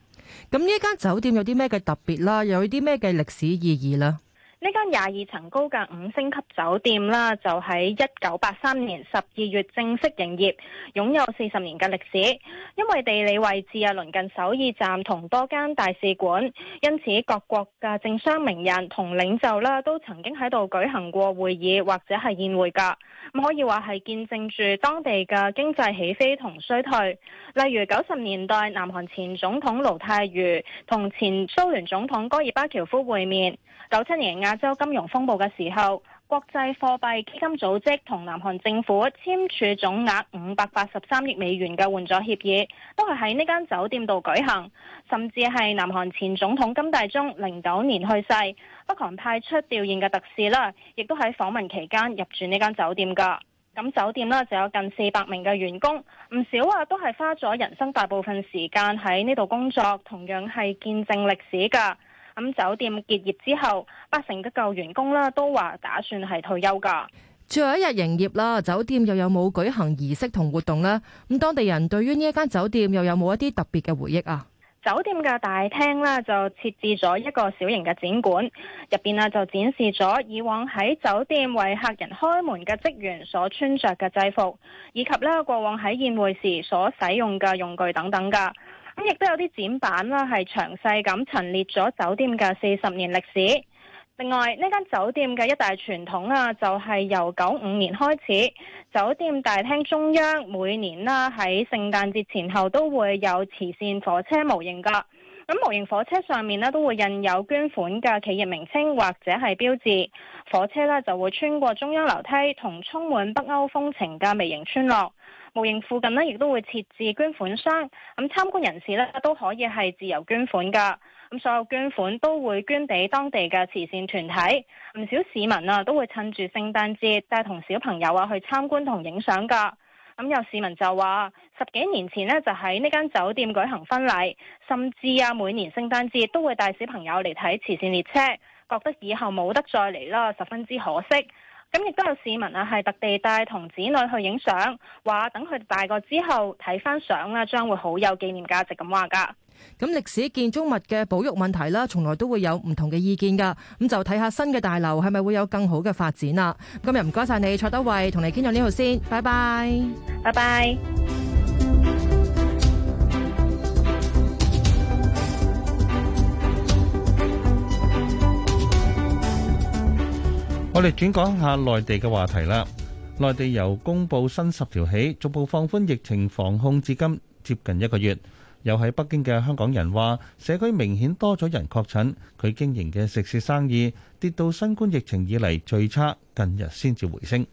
咁呢間酒店有啲咩嘅特別啦？又有啲咩嘅歷史意義啦？呢間廿二層高嘅五星級酒店啦，就喺一九八三年十二月正式營業，擁有四十年嘅歷史。因為地理位置啊，鄰近首爾站同多間大使館，因此各國嘅政商名人同領袖啦，都曾經喺度舉行過會議或者係宴會㗎。咁可以話係見證住當地嘅經濟起飛同衰退。例如九十年代南韓前總統盧泰愚同前蘇聯總統戈爾巴喬夫會面，九七年亞亞洲金融風暴嘅時候，國際貨幣基金組織同南韓政府簽署總額五百八十三億美元嘅援助協議，都係喺呢間酒店度舉行。甚至係南韓前總統金大中零九年去世，北韓派出弔唁嘅特使啦，亦都喺訪問期間入住呢間酒店噶。咁酒店呢就有近四百名嘅員工，唔少啊都係花咗人生大部分時間喺呢度工作，同樣係見證歷史噶。咁酒店結業之後，八成嘅舊員工啦都話打算係退休噶。最後一日營業啦，酒店又有冇舉行儀式同活動呢？咁當地人對於呢一間酒店又有冇一啲特別嘅回憶啊？酒店嘅大廳咧就設置咗一個小型嘅展館，入邊呢就展示咗以往喺酒店為客人開門嘅職員所穿着嘅制服，以及呢過往喺宴會時所使用嘅用具等等噶。亦都有啲展板啦，係詳細咁陳列咗酒店嘅四十年歷史。另外，呢間酒店嘅一大傳統啊，就係由九五年開始，酒店大廳中央每年啦喺聖誕節前後都會有慈善火車模型噶。咁模型火車上面咧都會印有捐款嘅企業名稱或者係標誌，火車咧就會穿過中央樓梯，同充滿北歐風情嘅微型村落。模型附近呢亦都會設置捐款箱，咁參觀人士呢都可以係自由捐款噶。咁所有捐款都會捐俾當地嘅慈善團體。唔少市民啊，都會趁住聖誕節帶同小朋友啊去參觀同影相噶。咁有市民就話，十幾年前呢就喺呢間酒店舉行婚禮，甚至啊每年聖誕節都會帶小朋友嚟睇慈善列車，覺得以後冇得再嚟啦，十分之可惜。咁亦都有市民啊，係特地帶同子女去影相，話等佢哋大個之後睇翻相啊，將會好有紀念價值咁話噶。咁歷史建築物嘅保育問題啦，從來都會有唔同嘅意見噶。咁就睇下新嘅大樓係咪會有更好嘅發展啦。今日唔該晒你蔡德偉，同你傾到呢度先，拜拜，拜拜。我哋轉講下內地嘅話題啦。內地由公布新十條起，逐步放寬疫情防控，至今接近一個月。有喺北京嘅香港人話，社區明顯多咗人確診，佢經營嘅食肆生意跌到新冠疫情以嚟最差，近日先至回升。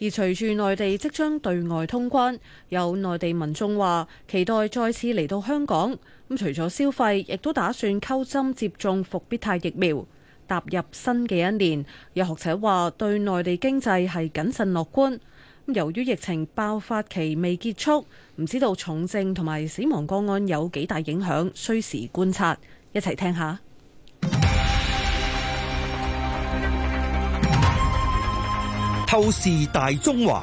而隨住內地即將對外通關，有內地民眾話期待再次嚟到香港。咁除咗消費，亦都打算溝針接種復必泰疫苗。踏入新嘅一年，有學者話對內地經濟係謹慎樂觀。由於疫情爆發期未結束，唔知道重症同埋死亡個案有幾大影響，需時觀察。一齊聽下。透視大中華，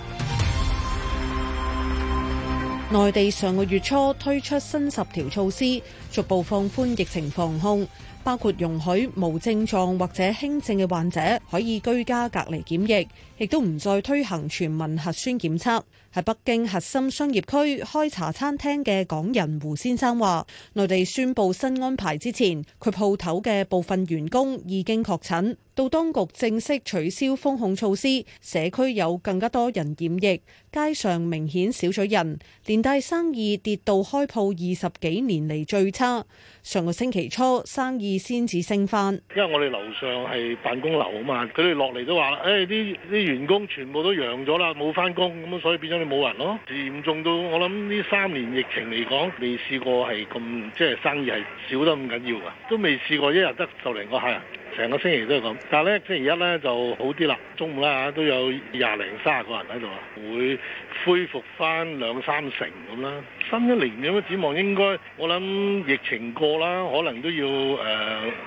內地上個月初推出新十條措施，逐步放寬疫情防控。包括容許無症狀或者輕症嘅患者可以居家隔離檢疫。亦都唔再推行全民核酸檢測，喺北京核心商業區開茶餐廳嘅港人胡先生話內地宣布新安排之前，佢鋪頭嘅部分員工已經確診，到當局正式取消封控措施，社區有更加多人染疫，街上明顯少咗人，連帶生意跌到開鋪二十幾年嚟最差。上個星期初生意先至升翻，因為我哋樓上係辦公樓啊嘛，佢哋落嚟都話誒啲。員工全部都陽咗啦，冇翻工，咁所以變咗你冇人咯。嚴重到我諗呢三年疫情嚟講，未試過係咁，即係生意係少得咁緊要噶，都未試過一日得十零個客人。成個星期都係咁，但係咧星期一咧就好啲啦。中午咧嚇都有廿零三十個人喺度，會恢復翻兩三成咁啦。新一年有咩展望？應該我諗疫情過啦，可能都要誒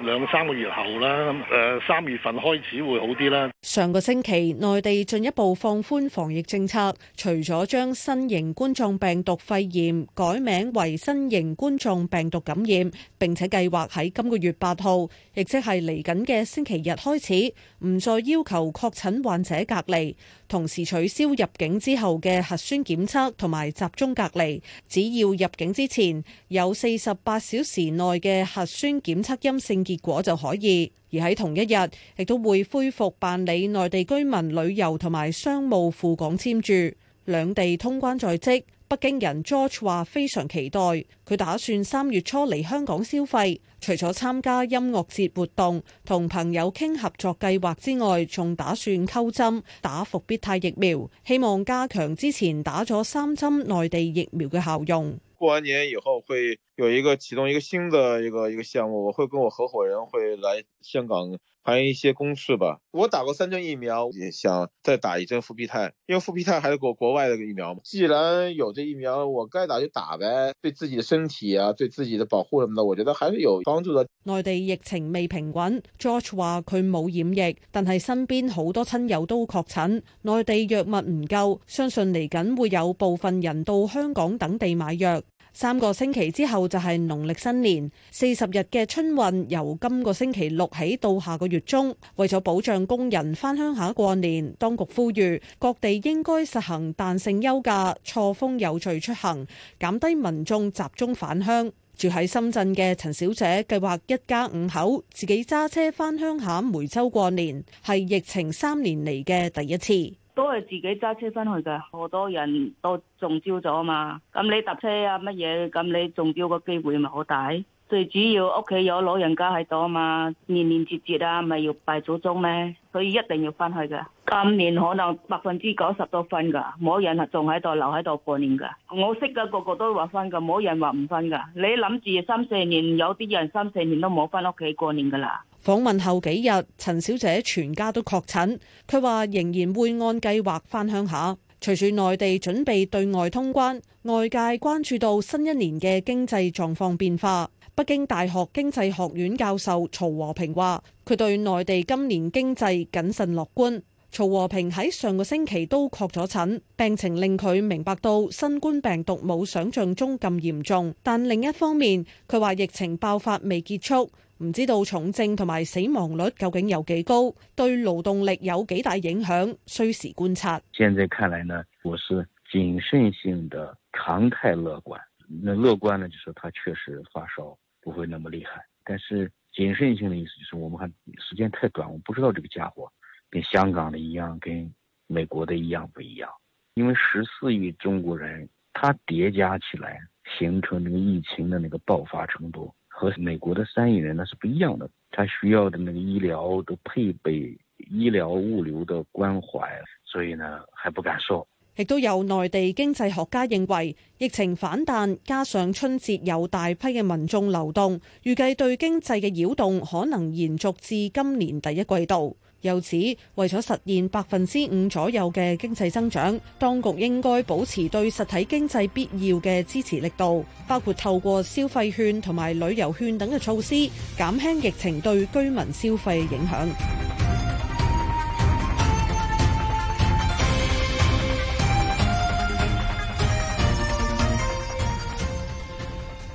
兩三個月後啦，誒三月份開始會好啲啦。上個星期，內地進一步放寬防疫政策，除咗將新型冠狀病毒肺炎改名為新型冠狀病毒感染，並且計劃喺今個月八號，亦即係嚟緊緊嘅星期日開始，唔再要求確診患者隔離，同時取消入境之後嘅核酸檢測同埋集中隔離，只要入境之前有四十八小時內嘅核酸檢測陰性結果就可以。而喺同一日，亦都會恢復辦理內地居民旅遊同埋商務赴港簽注，兩地通關在即。北京人 George 話非常期待，佢打算三月初嚟香港消費，除咗參加音樂節活動、同朋友傾合作計劃之外，仲打算溝針打復必泰疫苗，希望加強之前打咗三針內地疫苗嘅效用。過完年以後會有一個啟動一個新嘅一個一個項目，我會跟我合夥人會來香港。還有一些公式吧。我打過三針疫苗，也想再打一針復必泰，因為復必泰還是國國外的疫苗嘛。既然有這疫苗，我該打就打唄，對自己的身體啊，對自己的保護什麼的，我覺得還是有幫助的。內地疫情未平穩，George 話佢冇染疫，但係身邊好多親友都確診。內地藥物唔夠，相信嚟緊會有部分人到香港等地買藥。三個星期之後就係農曆新年，四十日嘅春運由今個星期六起到下個月中，為咗保障工人返鄉下過年，當局呼籲各地應該實行彈性休假、錯峰有序出行，減低民眾集中返鄉。住喺深圳嘅陳小姐計劃一家五口自己揸車返鄉下梅州過年，係疫情三年嚟嘅第一次。都係自己揸車翻去嘅，好多人都中招咗啊嘛。咁你搭車啊乜嘢，咁你中招個機會咪好大？最主要屋企有老人家喺度啊嘛，年年節節啊，咪要拜祖宗咩？所以一定要翻去嘅。今年可能百分之九十都返噶，冇人仲喺度留喺度過年噶。我識㗎個個都話返噶，冇人話唔返噶。你諗住三四年，有啲人三四年都冇翻屋企過年噶啦。訪問後幾日，陳小姐全家都確診，佢話仍然會按計劃返鄉下。隨住內地準備對外通關，外界關注到新一年嘅經濟狀況變化。北京大學經濟學院教授曹和平話，佢對內地今年經濟謹慎樂觀。曹和平喺上個星期都確咗診，病情令佢明白到新冠病毒冇想象中咁嚴重，但另一方面，佢話疫情爆發未結束。不知道重症同埋死亡率究竟有幾高，對勞動力有幾大影響，需時觀察。現在看來呢，我是謹慎性的常態樂觀。那樂觀呢，就是他確實發燒不會那麼厲害。但是謹慎性的意思就是，我們還時間太短，我不知道這個家伙跟香港的一樣，跟美國的一樣不一樣。因為十四億中國人，他疊加起來形成那個疫情的那個爆發程度。和美國的三億人那是不一樣的，他需要的那個醫療的配備、醫療物流的關懷，所以呢還不敢說。亦都有內地經濟學家認為，疫情反彈加上春節有大批嘅民眾流動，預計對經濟嘅擾動可能延續至今年第一季度。由此，為咗實現百分之五左右嘅經濟增長，當局應該保持對實體經濟必要嘅支持力度，包括透過消費券同埋旅遊券等嘅措施，減輕疫情對居民消費嘅影響。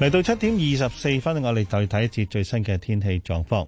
嚟到七點二十四分，我哋再睇一節最新嘅天氣狀況。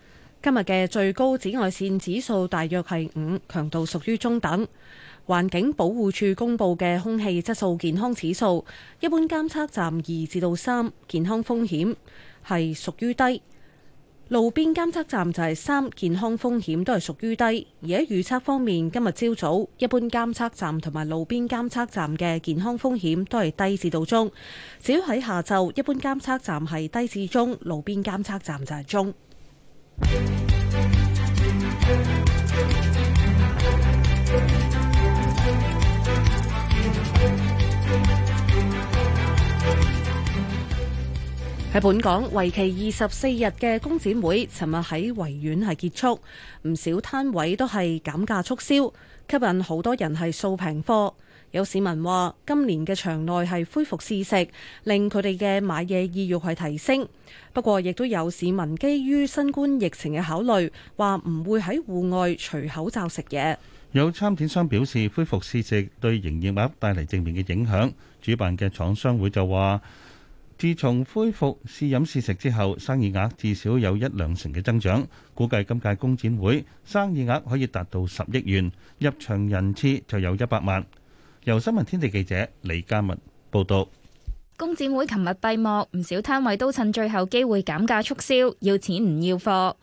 今日嘅最高紫外線指數大約係五，強度屬於中等。環境保護署公布嘅空氣質素健康指數，一般監測站二至到三，健康風險係屬於低。路邊監測站就係三，健康風險都係屬於低。而喺預測方面，今日朝早一般監測站同埋路邊監測站嘅健康風險都係低至到中。至於喺下晝一般監測站係低至中，路邊監測站就係中。喺本港為期二十四日嘅工展會，尋日喺維園係結束，唔少攤位都係減價促銷，吸引好多人係掃平貨。有市民話：今年嘅場內係恢復試食，令佢哋嘅買嘢意欲係提升。不過，亦都有市民基於新冠疫情嘅考慮，話唔會喺戶外除口罩食嘢。有參展商表示，恢復試食對營業額帶嚟正面嘅影響。主辦嘅廠商會就話，自從恢復試飲試食之後，生意額至少有一兩成嘅增長。估計今屆工展會生意額可以達到十億元，入場人次就有一百萬。由新聞天地記者李家文報道，工展會琴日閉幕，唔少攤位都趁最後機會減價促銷，要錢唔要貨。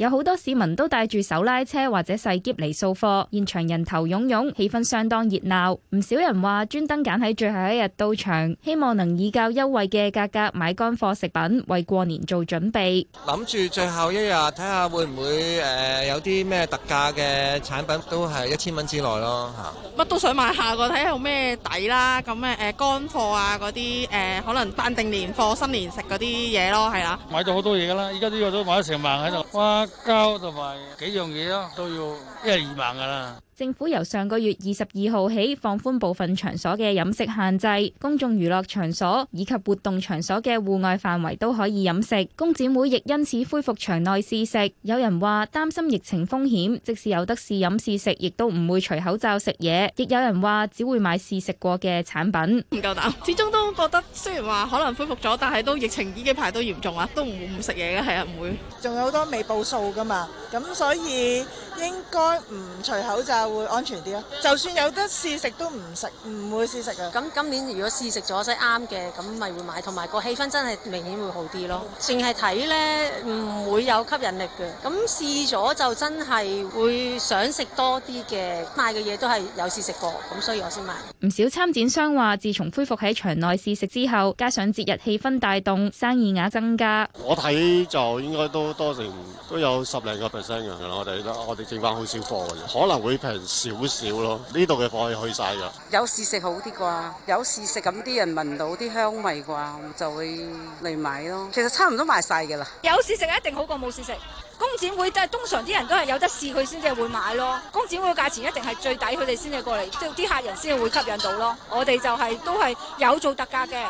有好多市民都帶住手拉車或者細篋嚟掃貨，現場人頭湧湧，氣氛相當熱鬧。唔少人話專登揀喺最後一日到場，希望能以較優惠嘅價格買乾貨食品，為過年做準備。諗住最後一日睇下會唔會誒有啲咩特價嘅產品，都係一千蚊之內咯吓。乜都想買下個，睇下咩抵啦。咁誒誒，乾貨啊嗰啲誒，可能辦定年貨、新年食嗰啲嘢咯，係啦。買咗好多嘢噶啦，依家呢個都買咗成萬喺度。哇！交同埋幾樣嘢咯，都要一二萬噶啦。政府由上個月二十二號起放寬部分場所嘅飲食限制，公眾娛樂場所以及活動場所嘅戶外範圍都可以飲食。工展會亦因此恢復場內試食。有人話擔心疫情風險，即使有得試飲試食，亦都唔會除口罩食嘢。亦有人話只會買試食過嘅產品。唔夠膽，始終都覺得雖然話可能恢復咗，但係都疫情呢幾排都嚴重都不會不啊，都唔會唔食嘢嘅係啊，唔會。仲有好多未報數噶嘛，咁所以。應該唔除口罩會安全啲咯。就算有得試食都唔食的，唔會試食啊。咁今年如果試食咗即係啱嘅，咁咪會買。同埋個氣氛真係明顯會好啲咯。淨係睇呢，唔會有吸引力嘅。咁試咗就真係會想食多啲嘅。買嘅嘢都係有試食過，咁所以我先買。唔少參展商話，自從恢復喺場內試食之後，加上節日氣氛帶動，生意額增加。我睇就應該都多成都有十零個 percent 㗎喇。我哋我哋。剩翻好少貨嘅，可能會平少少咯。呢度嘅貨已經去晒㗎。有試食好啲啩，有試食咁啲人聞到啲香味啩，就會嚟買咯。其實差唔多賣晒嘅啦。有試食一定好過冇試食。工展會即係通常啲人都係有得試，佢先至會買咯。工展會價錢一定係最抵，佢哋先至過嚟，即係啲客人先至會吸引到咯。我哋就係都係有做特價嘅。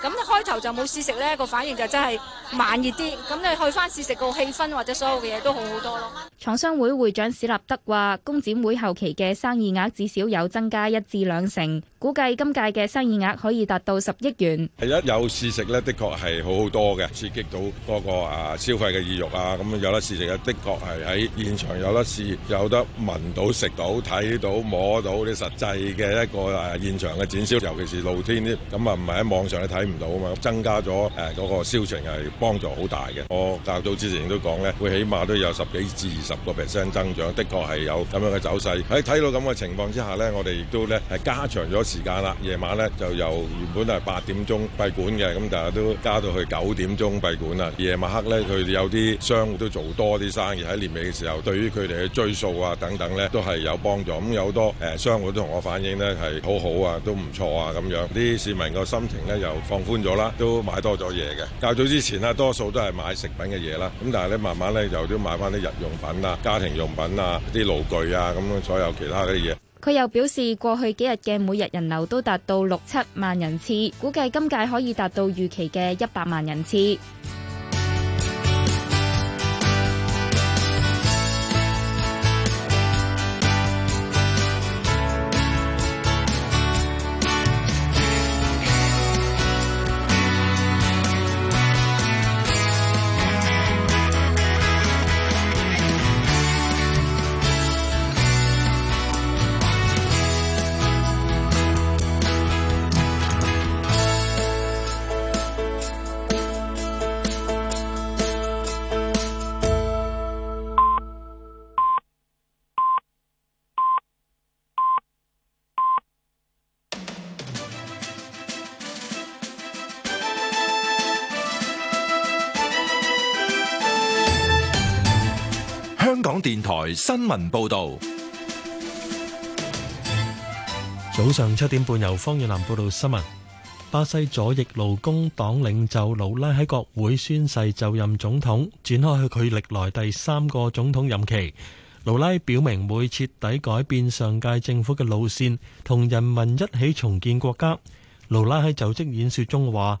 咁開頭就冇試食，呢個反應就真係慢熱啲。咁你去翻試食個氣氛或者所有嘅嘢都好好多咯。廠商會會長史立德話，工展會後期嘅生意額至少有增加一至兩成。估計今屆嘅生意額可以達到十億元。係一有試食咧，的確係好好多嘅，刺激到嗰個啊消費嘅意欲啊。咁有得試食又的確係喺現場有得試，有得聞到、食到、睇到、摸到啲實際嘅一個啊現場嘅展銷，尤其是露天啲，咁啊唔係喺網上你睇唔到啊嘛，增加咗誒嗰個銷情係幫助好大嘅。我達到之前都講咧，會起碼都有十幾至二十個 percent 增長，的確係有咁樣嘅走勢。喺睇到咁嘅情況之下咧，我哋亦都咧係加長咗。時間啦，夜晚咧就由原本係八點鐘閉館嘅，咁但係都加到去九點鐘閉館啦。夜晚黑咧，佢哋有啲商戶都做多啲生意喺年尾嘅時候，對於佢哋嘅追數啊等等咧，都係有幫助。咁、嗯、有好多、呃、商戶都同我反映咧，係好好啊，都唔錯啊咁樣。啲市民個心情咧又放寬咗啦，都買多咗嘢嘅。較早之前啦，多數都係買食品嘅嘢啦，咁但係咧慢慢咧就都買翻啲日用品啊、家庭用品啊、啲爐具啊咁樣，所有其他嘅啲嘢。佢又表示，過去幾日嘅每日人流都達到六七萬人次，估計今屆可以達到預期嘅一百萬人次。新聞報道，早上七點半由方遠南報道新聞。巴西左翼勞工黨領袖盧拉喺國會宣誓就任總統，展開佢歷來第三個總統任期。盧拉表明會徹底改變上屆政府嘅路線，同人民一起重建國家。盧拉喺就職演說中話。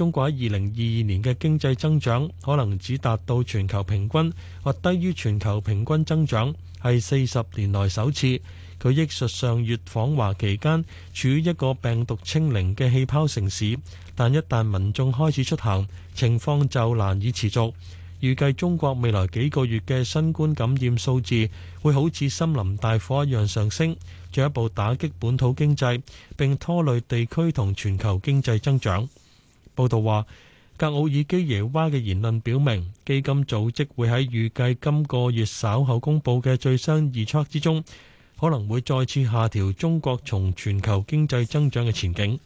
中國喺二零二二年嘅經濟增長可能只達到全球平均，或低於全球平均增長，係四十年來首次。佢憶述上月訪華期間，處於一個病毒清零嘅氣泡城市，但一旦民眾開始出行，情況就難以持續。預計中國未來幾個月嘅新冠感染數字會好似森林大火一樣上升，進一步打擊本土經濟，並拖累地區同全球經濟增長。報道話，格奧爾基耶娃嘅言論表明，基金組織會喺預計今個月稍後公佈嘅最新預測之中，可能會再次下調中國從全球經濟增長嘅前景。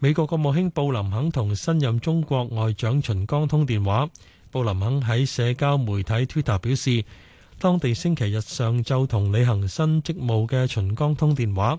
美國國務卿布林肯同新任中國外長秦剛通電話。布林肯喺社交媒體 Twitter 表示，當地星期日上晝同履行新職務嘅秦剛通電話。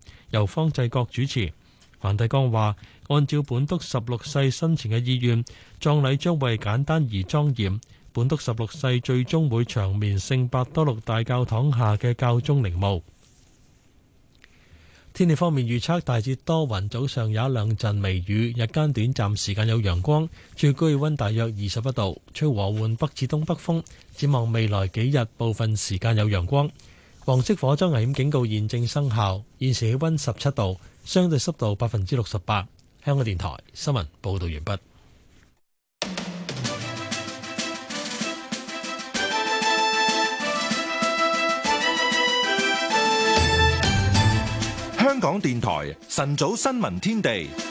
由方濟各主持，梵蒂岡話：按照本篤十六世生前嘅意願，葬禮將為簡單而莊嚴。本篤十六世最終會長眠聖伯多祿大教堂下嘅教宗陵墓。天氣方面預測，大致多雲，早上有一兩陣微雨，日間短暫時間有陽光，最高氣温大約二十一度，吹和緩北至東北風。展望未來幾日，部分時間有陽光。黃色火災危險警告現正生效，現時氣温十七度，相對濕度百分之六十八。香港電台新聞報道完畢。香港電台晨早新聞天地。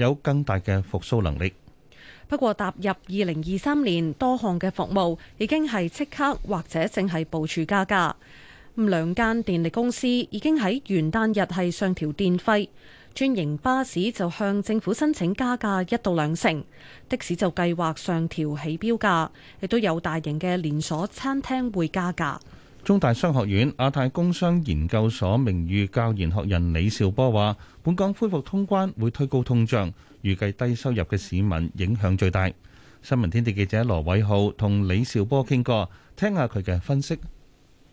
有更大嘅復蘇能力。不過，踏入二零二三年，多項嘅服務已經係即刻或者正係部署加價。咁兩間電力公司已經喺元旦日係上調電費，專營巴士就向政府申請加價一到兩成，的士就計劃上調起標價，亦都有大型嘅連鎖餐廳會加價。中大商學院亞太工商研究所名譽教研學人李兆波話，本港恢復通關會推高通脹，預計低收入嘅市民影響最大。新聞天地記者羅偉浩同李兆波傾過，聽下佢嘅分析。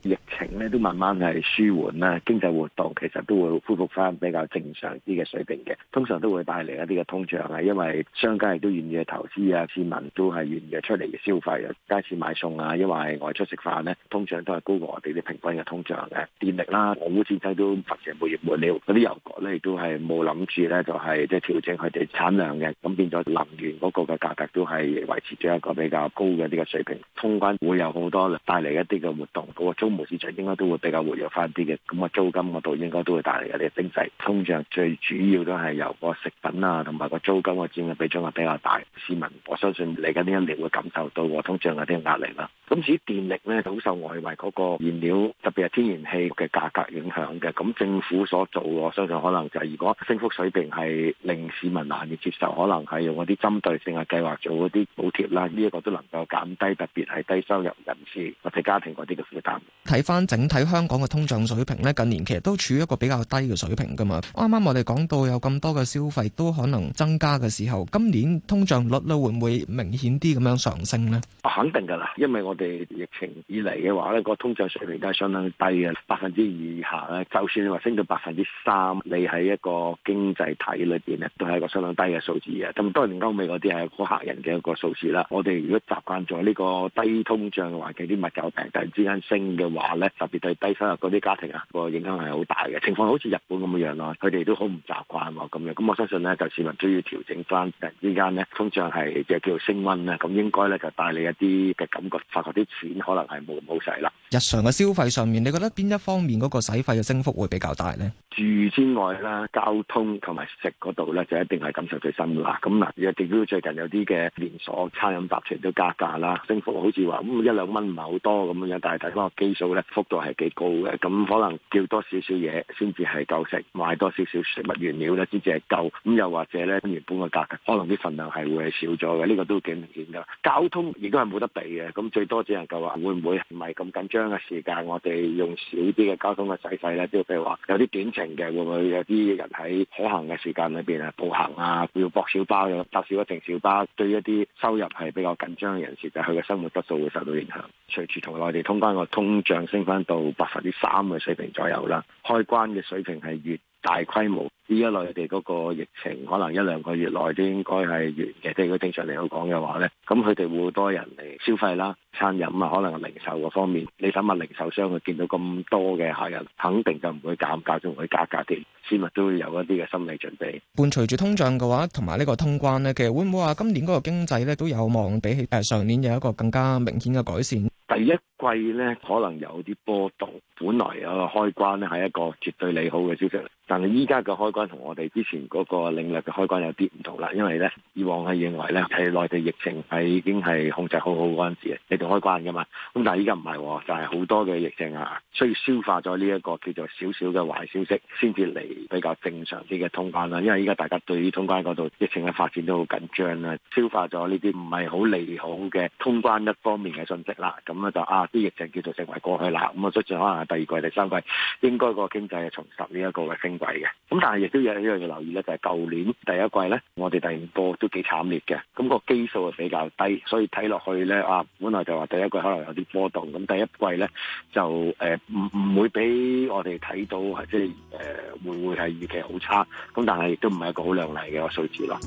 疫情咧都慢慢係舒緩啦，經濟活動其實都會恢復翻比較正常啲嘅水平嘅，通常都會帶嚟一啲嘅通脹啊，係因為商家亦都願意去投資啊，市民都係願意出嚟嘅消費啊，街市買餸啊，因為外出食飯咧，通脹都係高過我哋啲平均嘅通脹嘅。電力啦、俄烏戰爭都發成每月無料，嗰啲油國咧亦都係冇諗住咧，就係即係調整佢哋產量嘅，咁變咗能源嗰個嘅價格都係維持咗一個比較高嘅呢個水平，通關會有好多帶嚟一啲嘅活動，嗰個市場應該都會比較活躍翻啲嘅，咁啊，租金嗰度應該都會帶嚟一啲經濟通脹，最主要都係由個食品啊同埋個租金嘅佔嘅比重係比較大，市民我相信嚟緊呢一年會感受到個通脹嘅啲壓力啦。咁至於電力咧，都好受外圍嗰個燃料，特別係天然氣嘅價格影響嘅。咁政府所做，我相信可能就係如果升幅水平係令市民難以接受，可能係用啲針對性嘅計劃做嗰啲補貼啦。呢一個都能夠減低特別係低收入人士或者家庭嗰啲嘅負擔。睇翻整體香港嘅通脹水平咧，近年其實都處於一個比較低嘅水平㗎嘛。啱啱我哋講到有咁多嘅消費都可能增加嘅時候，今年通脹率咧會唔會明顯啲咁樣上升咧？肯定㗎啦，因為我哋疫情以嚟嘅話咧，個通脹水平都係相當低嘅，百分之二以下咧。就算你話升到百分之三，你喺一個經濟體裏邊咧，都係一個相當低嘅數字啊。咁當然歐美嗰啲係好嚇人嘅一個數字啦。我哋如果習慣咗呢個低通脹嘅環境，啲物價平，突然之間升嘅話咧，特別對低收入嗰啲家庭啊，個影響係好大嘅。情況好似日本咁嘅樣咯，佢哋都好唔習慣喎咁樣。咁我相信咧，就市民都要調整翻。突然之間咧，通脹係即係叫做升溫咧，咁應該咧就帶嚟一啲嘅感覺我啲錢可能係冇咁好使啦。日常嘅消費上面，你覺得邊一方面嗰個使費嘅升幅會比較大咧？住之外啦，交通同埋食嗰度咧就一定係感受最深啦。咁嗱，如果地都最近有啲嘅連鎖餐飲集團都加價啦，升幅好似話咁一兩蚊唔係好多咁樣，但係睇翻個基數咧，幅度係幾高嘅。咁可能叫多少少嘢先至係夠食，買多少少食物原料咧先至係夠。咁又或者咧原本嘅價格，可能啲份量係會係少咗嘅，呢個都幾明顯㗎。交通亦都係冇得比嘅，咁最多只能夠話會唔會唔係咁緊張？將嘅時間，我哋用少啲嘅交通嘅使費咧，即係譬如話有啲短程嘅，會唔會有啲人喺可行嘅時間裏邊啊步行啊，要駁小巴，搭少一程小巴，對一啲收入係比較緊張嘅人士，嘅，佢嘅生活質素會受到影響。隨住同內地通關個通脹升翻到百分之三嘅水平左右啦，開關嘅水平係越。大規模呢一內地嗰個疫情，可能一兩個月內都應該係完嘅。即係佢正常嚟講講嘅話咧，咁佢哋會多人嚟消費啦、餐飲啊，可能係零售個方面，你睇下零售商佢見到咁多嘅客人，肯定就唔會減價，仲會加價啲，市民都會有一啲嘅心理準備。伴隨住通脹嘅話，同埋呢個通關咧，其實會唔會話今年嗰個經濟咧都有望比起誒上年有一個更加明顯嘅改善？第一。貴咧可能有啲波動，本來有個開關咧係一個絕對利好嘅消息，但係依家嘅開關同我哋之前嗰個領略嘅開關有啲唔同啦，因為咧以往係認為咧係內地疫情係已經係控制好好嗰陣時，你喺度開關噶嘛，咁但係依家唔係，就係、是、好多嘅疫情啊，需要消化咗呢一個叫做少少嘅壞消息，先至嚟比較正常啲嘅通關啦。因為依家大家對於通關嗰度疫情嘅發展都好緊張啦，消化咗呢啲唔係好利好嘅通關一方面嘅信息啦，咁咧就啊。啲疫情就叫做成為過去啦，咁啊，所以可能第二季、第三季應該個經濟係重拾呢一個嘅升季嘅，咁但係亦都有一樣要留意咧，就係、是、舊年第一季咧，我哋第五波都幾慘烈嘅，咁、那個基數係比較低，所以睇落去咧啊，本來就話第一季可能有啲波動，咁第一季咧就誒唔唔會俾我哋睇到即係誒、呃、會唔會係預期好差，咁但係亦都唔係一個好亮麗嘅一個數字咯。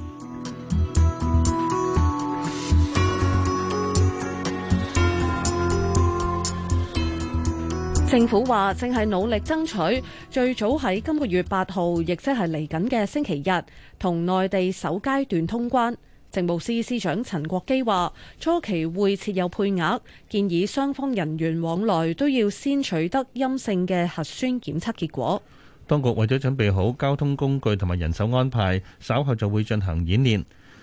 政府話正係努力爭取最早喺今個月八號，亦即係嚟緊嘅星期日，同內地首階段通關。政務司司長陳國基話：初期會設有配額，建議雙方人員往來都要先取得陰性嘅核酸檢測結果。當局為咗準備好交通工具同埋人手安排，稍後就會進行演練。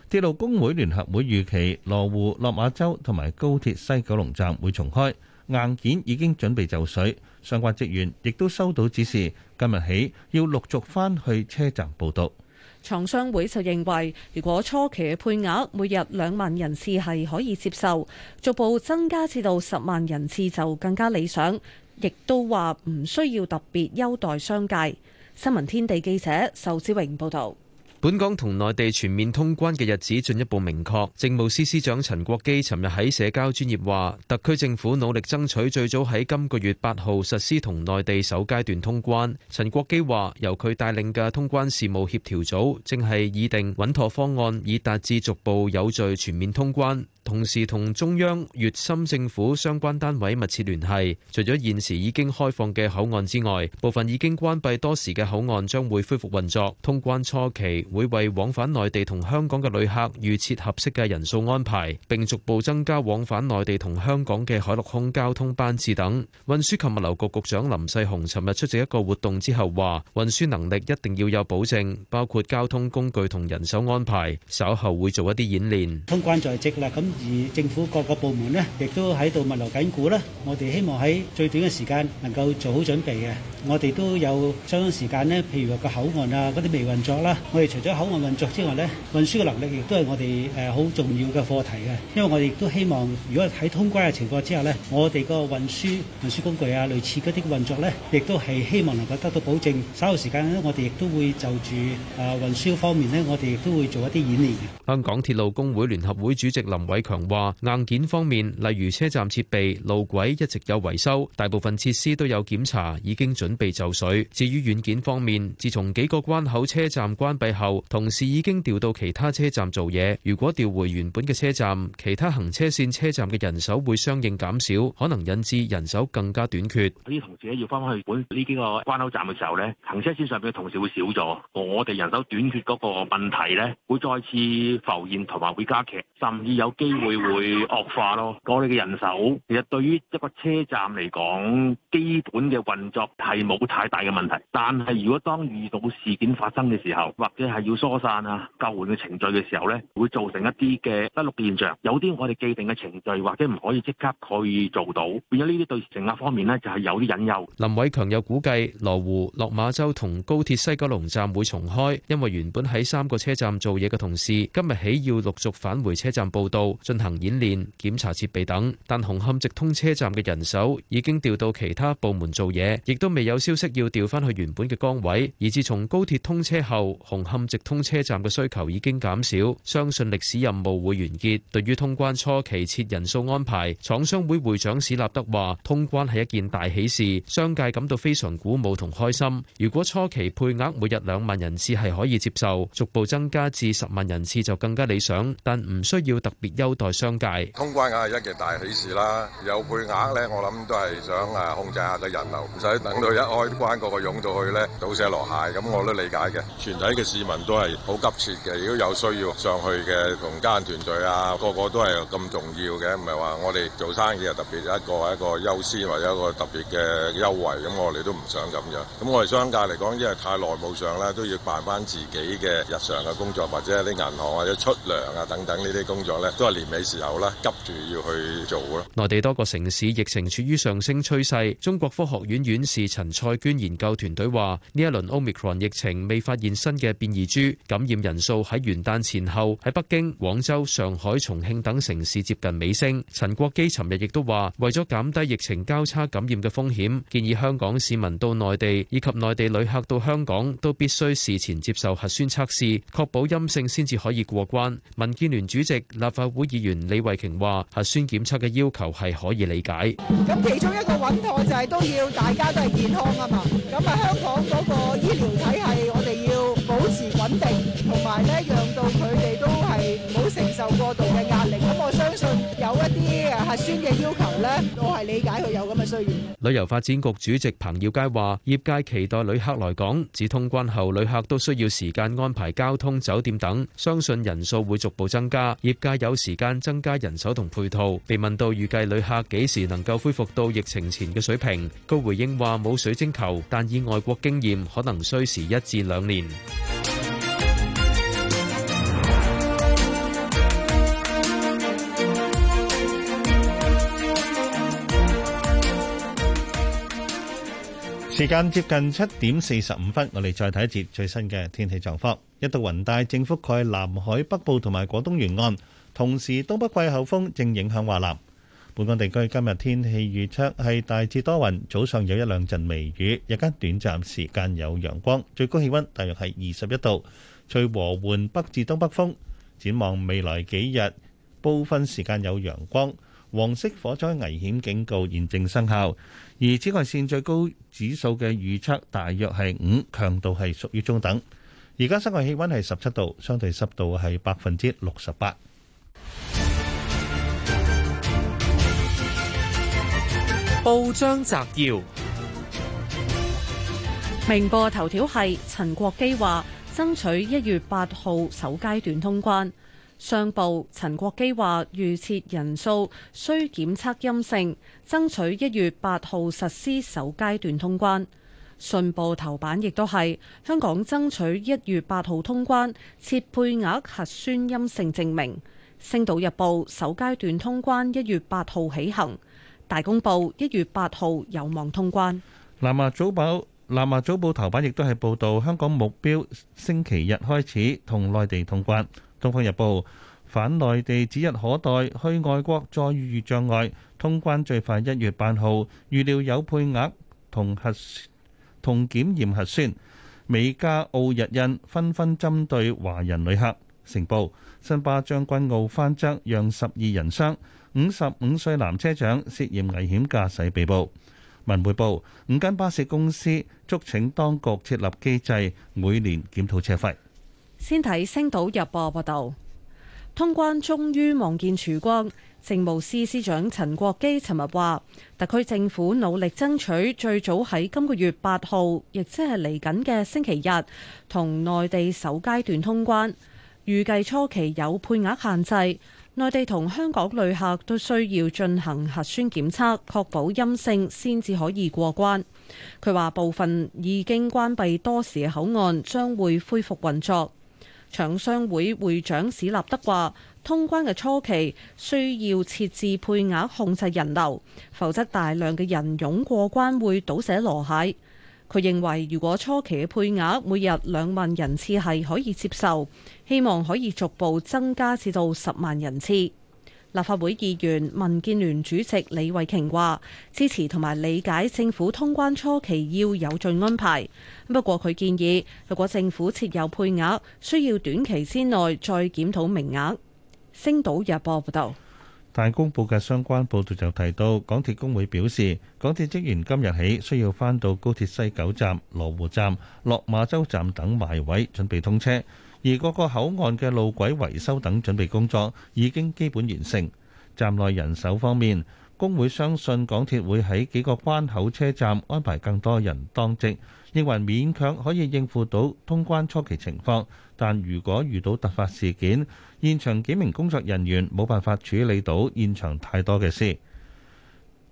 鐵路工會聯合會預期羅湖、落馬洲同埋高鐵西九龍站會重開。硬件已經準備就緒，相關職員亦都收到指示，今日起要陸續翻去車站報到。廠商會就認為，如果初期嘅配額每日兩萬人次係可以接受，逐步增加至到十萬人次就更加理想，亦都話唔需要特別優待商界。新聞天地記者仇志榮報道。本港同內地全面通關嘅日子進一步明確，政務司司長陳國基尋日喺社交專頁話，特區政府努力爭取最早喺今個月八號實施同內地首階段通關。陳國基話，由佢帶領嘅通關事務協調組正係擬定穩妥方案，以達至逐步有序全面通關。同時同中央、粵深政府相關單位密切聯繫。除咗現時已經開放嘅口岸之外，部分已經關閉多時嘅口岸將會恢復運作。通關初期會為往返內地同香港嘅旅客預設合適嘅人數安排，並逐步增加往返內地同香港嘅海陸空交通班次等。運輸及物流局局長林世雄尋日出席一個活動之後話，運輸能力一定要有保證，包括交通工具同人手安排。稍後會做一啲演練。通關在即啦，咁。而政府各個部門咧，亦都喺度物流緊固啦。我哋希望喺最短嘅時間能夠做好準備嘅。我哋都有相當時間咧，譬如話個口岸啊，嗰啲未運作啦。我哋除咗口岸運作之外咧，運輸嘅能力亦都係我哋誒好重要嘅課題嘅。因為我哋都希望，如果喺通關嘅情況之下咧，我哋個運輸運輸工具啊，類似嗰啲運作咧，亦都係希望能夠得到保證。稍後時間咧，我哋亦都會就住誒運輸方面咧，我哋亦都會做一啲演練。香港鐵路工會聯合會主席林偉強話硬件方面，例如車站設備、路軌一直有維修，大部分設施都有檢查，已經準備就緒。至於軟件方面，自從幾個關口車站關閉後，同事已經調到其他車站做嘢。如果調回原本嘅車站，其他行車線車站嘅人手會相應減少，可能引致人手更加短缺。啲同事要翻返去本呢幾個關口站嘅時候呢，行車線上邊嘅同事會少咗，我哋人手短缺嗰個問題咧會再次浮現，同埋會加劇，甚至有機機會會惡化咯。我哋嘅人手其實對於一個車站嚟講，基本嘅運作係冇太大嘅問題。但係如果當遇到事件發生嘅時候，或者係要疏散啊、救援嘅程序嘅時候呢，會造成一啲嘅不陸現象。有啲我哋既定嘅程序或者唔可以即刻去做到，變咗呢啲對乘客方面呢，就係有啲隱憂。林偉強又估計，羅湖、落馬洲同高鐵西九龍站會重開，因為原本喺三個車站做嘢嘅同事，今日起要陸續返回車站報到。進行演練，檢查設備等，但紅磡直通車站嘅人手已經調到其他部門做嘢，亦都未有消息要調返去原本嘅崗位，而自從高鐵通車後，紅磡直通車站嘅需求已經減少，相信歷史任務會完結。對於通關初期設人數安排，廠商會會長史立德話，通關係一件大喜事，商界感到非常鼓舞同開心。如果初期配額每日兩萬人次係可以接受，逐步增加至十萬人次就更加理想，但唔需要特別優。交代商界，通關啊，係一件大喜事啦。有配額咧，我諗都係想啊，控制下個人流，唔使等到一開關個個湧到去咧，倒瀉籮蟹。咁我都理解嘅。全體嘅市民都係好急切嘅，如果有需要上去嘅同家人團聚啊，個個都係咁重要嘅，唔係話我哋做生意啊特別一個一個優先或者一個特別嘅優惠。咁我哋都唔想咁樣。咁我哋商界嚟講，因為太耐冇上啦，都要辦翻自己嘅日常嘅工作，或者啲銀行或者出糧啊等等呢啲工作咧，都係。年尾時候咧，急住要去做咯。內地多個城市疫情處於上升趨勢。中國科學院院士陳賽娟研究團隊話：呢一輪 Omicron 疫情未發現新嘅變異株，感染人數喺元旦前後喺北京、廣州、上海、重慶等城市接近尾聲。陳國基尋日亦都話：為咗減低疫情交叉感染嘅風險，建議香港市民到內地以及內地旅客到香港都必須事前接受核酸測試，確保陰性先至可以過關。民建聯主席、立法會。議員李慧瓊話：核酸檢測嘅要求係可以理解。咁其中一個穩妥就係都要大家都係健康啊嘛。咁啊，香港嗰個醫療體系我哋要保持穩定，同埋咧讓到佢哋都係唔好承受過度嘅壓力。咁我相信。核酸嘅要求咧，我係理解佢有咁嘅需要。旅遊發展局主席彭耀佳話，業界期待旅客來港，自通關後，旅客都需要時間安排交通、酒店等，相信人數會逐步增加，業界有時間增加人手同配套。被問到預計旅客幾時能夠恢復到疫情前嘅水平，高回應話冇水晶球，但以外國經驗，可能需時一至兩年。時間接近七點四十五分，我哋再睇一節最新嘅天氣狀況。一道雲帶正覆蓋南海北部同埋廣東沿岸，同時東北季候風正影響華南。本港地區今日天氣預測係大致多雲，早上有一兩陣微雨，日間短暫時間有陽光，最高氣温大約係二十一度，隨和緩北至東北風。展望未來幾日，部分時間有陽光，黃色火災危險警告現正生效。而紫外線最高指數嘅預測大約係五，強度係屬於中等。而家室外氣溫係十七度，相對濕度係百分之六十八。報章摘要：明報頭條係陳國基話爭取一月八號首階段通關。上報陳國基話，預設人數需檢測陰性，爭取一月八號實施首階段通關。信報頭版亦都係香港爭取一月八號通關，設配額核酸陰性證明。星島日報首階段通關一月八號起行。大公報一月八號有望通關。南華早報南華早報頭版亦都係報道香港目標星期日開始同內地通關。《東方日報》返內地指日可待，去外國再遇障礙，通關最快一月八號，預料有配額同核同檢驗核酸。美加澳日印紛紛針對華人旅客。成報：新巴將軍澳翻側，讓十二人傷，五十五歲男車長涉嫌危險駕駛被捕。文匯報：五間巴士公司促請當局設立機制，每年檢討車費。先睇《星島日報》報道，通關終於望見曙光。政務司司長陳國基尋日話，特區政府努力爭取最早喺今個月八號，亦即係嚟緊嘅星期日，同內地首階段通關。預計初期有配額限制，內地同香港旅客都需要進行核酸檢測，確保陰性先至可以過關。佢話部分已經關閉多時嘅口岸將會恢復運作。廠商會會長史立德話：通關嘅初期需要設置配額控制人流，否則大量嘅人湧過關會倒瀉籮蟹。佢認為如果初期嘅配額每日兩萬人次係可以接受，希望可以逐步增加至到十萬人次。立法會議員民建聯主席李慧瓊話：支持同埋理解政府通關初期要有序安排，不過佢建議，如果政府設有配額，需要短期之內再檢討名額。星島日報報導，但公佈嘅相關報導就提到，港鐵工會表示，港鐵職員今日起需要返到高鐵西九站、羅湖站、落馬洲站等埋位，準備通車。而各個口岸嘅路軌維修等準備工作已經基本完成。站內人手方面，工會相信港鐵會喺幾個關口車站安排更多人當值，認為勉強可以應付到通關初期情況，但如果遇到突發事件，現場幾名工作人員冇辦法處理到現場太多嘅事。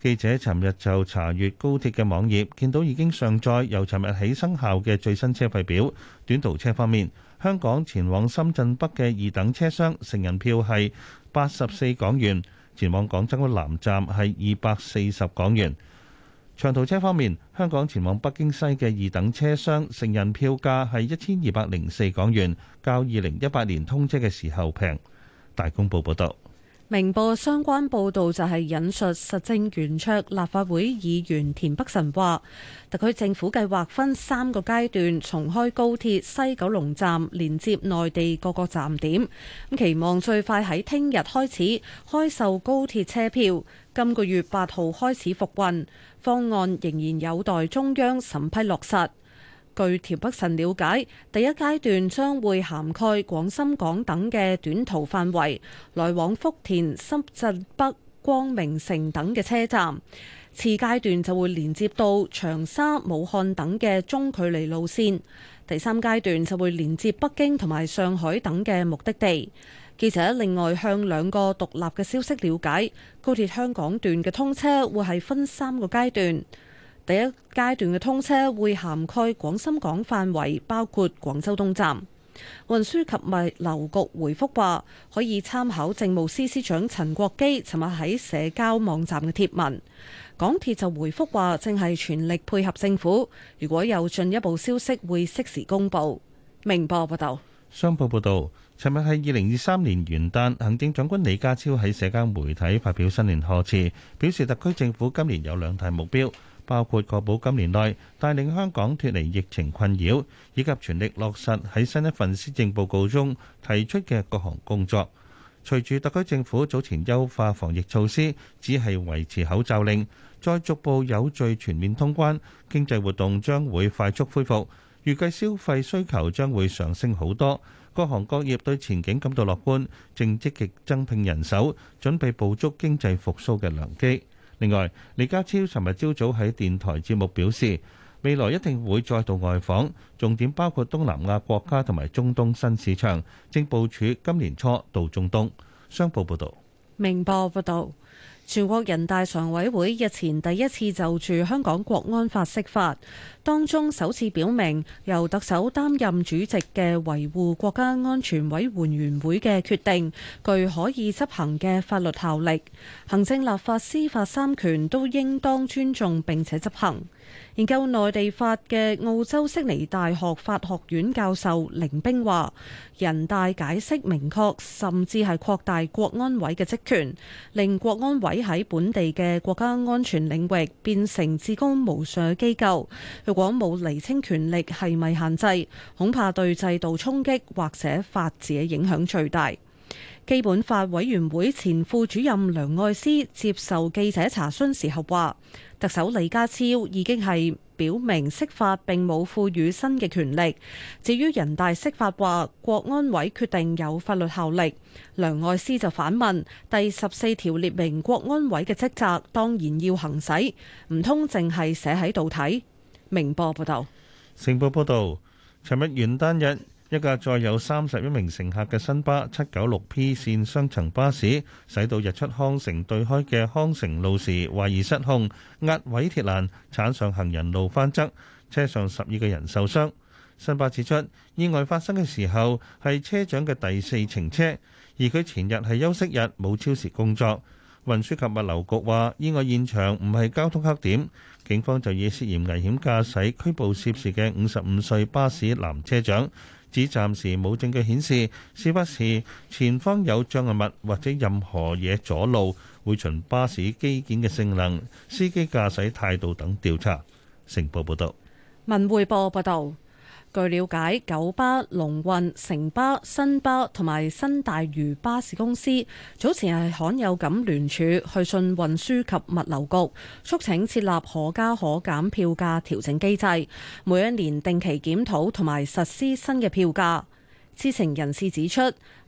記者尋日就查閱高鐵嘅網頁見到已經上載由尋日起生效嘅最新車費表。短途車方面，香港前往深圳北嘅二等車廂成人票係八十四港元，前往廣州南站係二百四十港元。長途車方面，香港前往北京西嘅二等車廂成人票價係一千二百零四港元，較二零一八年通車嘅時候平。大公報報道。明報相關報導就係引述實政圓桌立法會議員田北辰話，特區政府計劃分三個階段重開高鐵西九龍站，連接內地各個站點。咁期望最快喺聽日開始開售高鐵車票，今個月八號開始復運，方案仍然有待中央審批落實。據田北辰了解，第一階段將會涵蓋廣深港等嘅短途範圍，來往福田、深圳北、光明城等嘅車站；次階段就會連接到長沙、武漢等嘅中距離路綫；第三階段就會連接北京同埋上海等嘅目的地。記者另外向兩個獨立嘅消息了解，高鐵香港段嘅通車會係分三個階段。第一階段嘅通車會涵蓋廣深港範圍，包括廣州東站。運輸及物流局回覆話，可以參考政務司司長陳國基尋日喺社交網站嘅貼文。港鐵就回覆話，正係全力配合政府，如果有進一步消息，會適時公佈。明報報道，商報報道，尋日係二零二三年元旦，行政長官李家超喺社交媒體發表新年賀詞，表示特區政府今年有兩大目標。包括確保今年內帶領香港脫離疫情困擾，以及全力落實喺新一份施政報告中提出嘅各項工作。隨住特區政府早前優化防疫措施，只係維持口罩令，再逐步有序全面通關，經濟活動將會快速恢復，預計消費需求將會上升好多。各行各業對前景感到樂觀，正積極增聘人手，準備捕捉經濟復甦嘅良機。另外，李家超尋日朝早喺電台節目表示，未來一定會再度外訪，重點包括東南亞國家同埋中東新市場，正部署今年初到中東。商報報道，明報報道。全國人大常委會日前第一次就住香港國安法釋法，當中首次表明，由特首擔任主席嘅維護國家安全委員會嘅決定，具可以執行嘅法律效力，行政、立法、司法三權都應當尊重並且執行。研究內地法嘅澳洲悉尼大學法學院教授凌冰話：人大解釋明確，甚至係擴大國安委嘅職權，令國安委喺本地嘅國家安全領域變成至高無上嘅機構。如果冇釐清權力係咪限制，恐怕對制度衝擊或者法治嘅影響最大。基本法委員會前副主任梁愛詩接受記者查詢時候話。特首李家超已經係表明釋法並冇賦予新嘅權力。至於人大釋法話國安委決定有法律效力，梁愛詩就反問：第十四條列明國安委嘅職責，當然要行使，唔通淨係寫喺度睇？明報報道：「成報報道，尋日元旦日。一架載有三十一名乘客嘅新巴七九六 P 線雙層巴士，駛到日出康城對開嘅康城路時，懷疑失控壓毀鐵欄，鏟上行人路翻側，車上十二個人受傷。新巴指出，意外發生嘅時候係車長嘅第四程車，而佢前日係休息日冇超時工作。運輸及物流局話，意外現場唔係交通黑點，警方就以涉嫌危險駕駛拘捕涉事嘅五十五歲巴士男車長。指暫時冇證據顯示是不是前方有障礙物或者任何嘢阻路，會循巴士機件嘅性能、司機駕駛態度等調查。成報報導，文匯報報導。據了解，九巴、龍運、城巴、新巴同埋新大嶼巴士公司早前係罕有咁聯署去信運輸及物流局，促請設立可加可減票價調整機制，每一年定期檢討同埋實施新嘅票價。知情人士指出，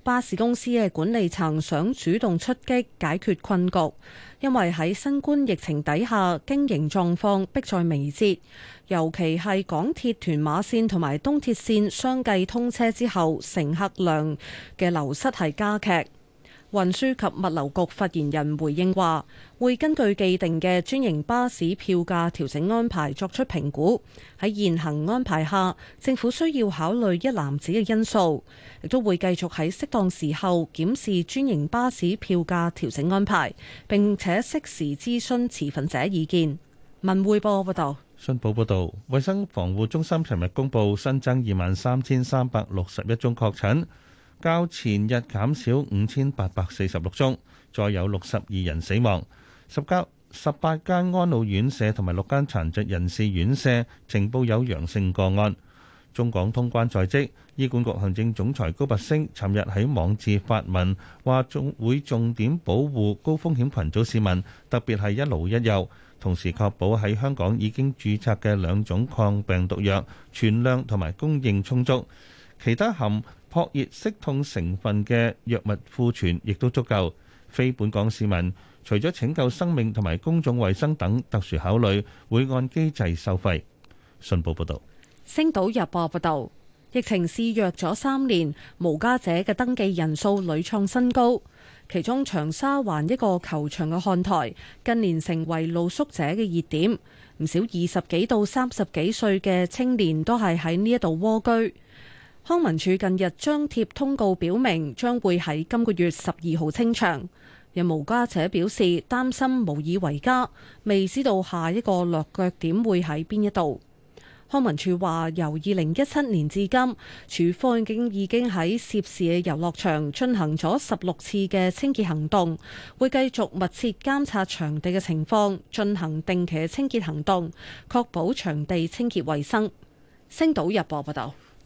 巴士公司嘅管理層想主動出擊，解決困局。因為喺新冠疫情底下，經營狀況迫在眉睫，尤其係港鐵屯馬線同埋東鐵線相繼通車之後，乘客量嘅流失係加劇。運輸及物流局發言人回應話：會根據既定嘅專營巴士票價調整安排作出評估。喺現行安排下，政府需要考慮一籃子嘅因素，亦都會繼續喺適當時候檢視專營巴士票價調整安排，並且適時諮詢持份者意見。文匯報報道，信報報道，衛生防護中心尋日公布新增二萬三千三百六十一宗確診。較前日減少五千八百四十六宗，再有六十二人死亡。十間十八間安老院舍同埋六間殘疾人士院舍呈報有陽性個案。中港通關在即，醫管局行政總裁高拔升尋日喺網誌發文話：會重點保護高風險群組市民，特別係一老一幼，同時確保喺香港已經註冊嘅兩種抗病毒藥存量同埋供應充足。其他含撲熱息痛成分嘅藥物庫存亦都足夠。非本港市民除咗拯救生命同埋公眾衞生等特殊考慮，會按機制收費。信報報導，《星島日報》報導，疫情肆虐咗三年，無家者嘅登記人數屢創新高。其中，長沙灣一個球場嘅看台近年成為露宿者嘅熱點，唔少二十幾到三十幾歲嘅青年都係喺呢一度窩居。康文署近日張貼通告，表明將會喺今個月十二號清場。有無家者表示擔心無以為家，未知道下一個落腳點會喺邊一度。康文署話：由二零一七年至今，署方已經已經喺涉事嘅遊樂場進行咗十六次嘅清潔行動，會繼續密切監察場地嘅情況，進行定期嘅清潔行動，確保場地清潔衛生。星島日報報道。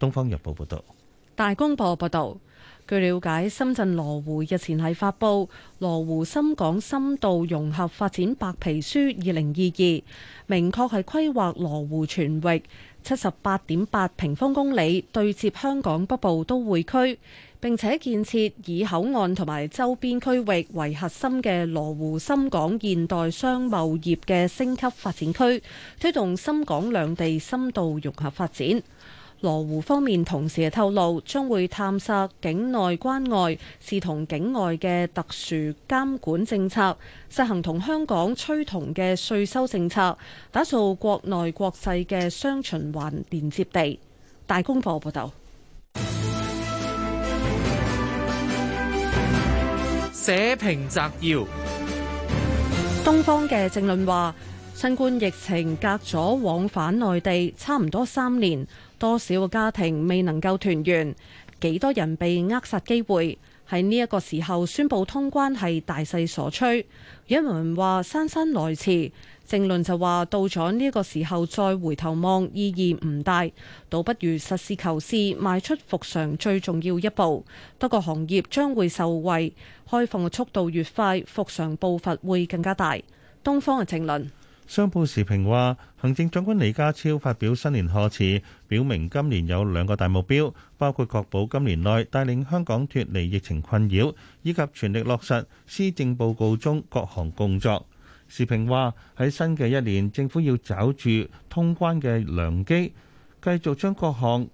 《東方日報》報道。《大公報》報道，據了解，深圳羅湖日前係發布《羅湖深港深度融合發展白皮書（二零二二）》，明確係規劃羅湖全域七十八點八平方公里對接香港北部都會區，並且建設以口岸同埋周邊區域為核心嘅羅湖深港現代商貿業嘅升級發展區，推動深港兩地深度融合發展。羅湖方面同時透露，將會探索境內關外，視同境外嘅特殊監管政策，實行同香港趨同嘅稅收政策，打造國內國際嘅雙循環連接地。大公報報道，社評摘要。東方嘅政論話，新冠疫情隔咗往返內地差唔多三年。多少個家庭未能夠團圓，幾多人被扼殺機會？喺呢一個時候宣布通關係大勢所趨，有人話姍姍來遲，正論就話到咗呢個時候再回頭望意義唔大，倒不如實事求是，邁出復常最重要一步。多個行業將會受惠，開放嘅速度越快，復常步伐會更加大。東方嘅正論。商報時評話，行政長官李家超發表新年賀詞，表明今年有兩個大目標，包括確保今年內帶領香港脫離疫情困擾，以及全力落實施政報告中各項工作。時評話喺新嘅一年，政府要抓住通關嘅良機，繼續將各項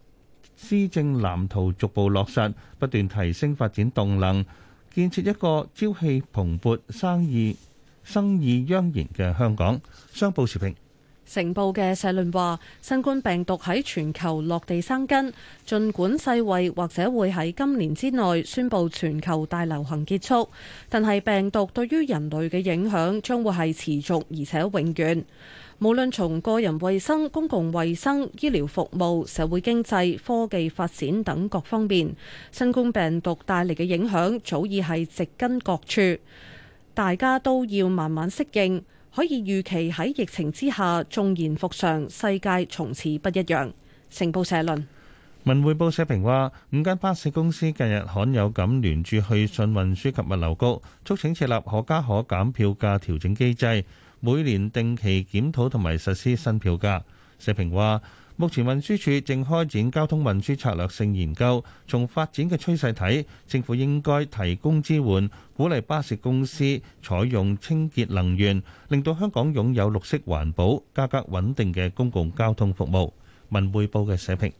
施政藍圖逐步落實，不斷提升發展動能，建設一個朝氣蓬勃、生意。生意央言嘅香港商報時評。成報嘅社論話新冠病毒喺全球落地生根，儘管世衛或者會喺今年之內宣布全球大流行結束，但係病毒對於人類嘅影響將會係持續而且永遠，無論從個人衛生、公共衛生、醫療服務、社會經濟、科技發展等各方面，新冠病毒帶嚟嘅影響早已係植根各處。大家都要慢慢適應，可以預期喺疫情之下縱然復常，世界從此不一樣。成報社論，文匯報社評話，五間巴士公司近日罕有咁聯署去信運輸及物流局，促請設立可加可減票價調整機制，每年定期檢討同埋實施新票價。社評話。目前運輸署正開展交通運輸策略性研究，從發展嘅趨勢睇，政府應該提供支援，鼓勵巴士公司採用清潔能源，令到香港擁有綠色環保、價格穩定嘅公共交通服務。文匯報嘅社評。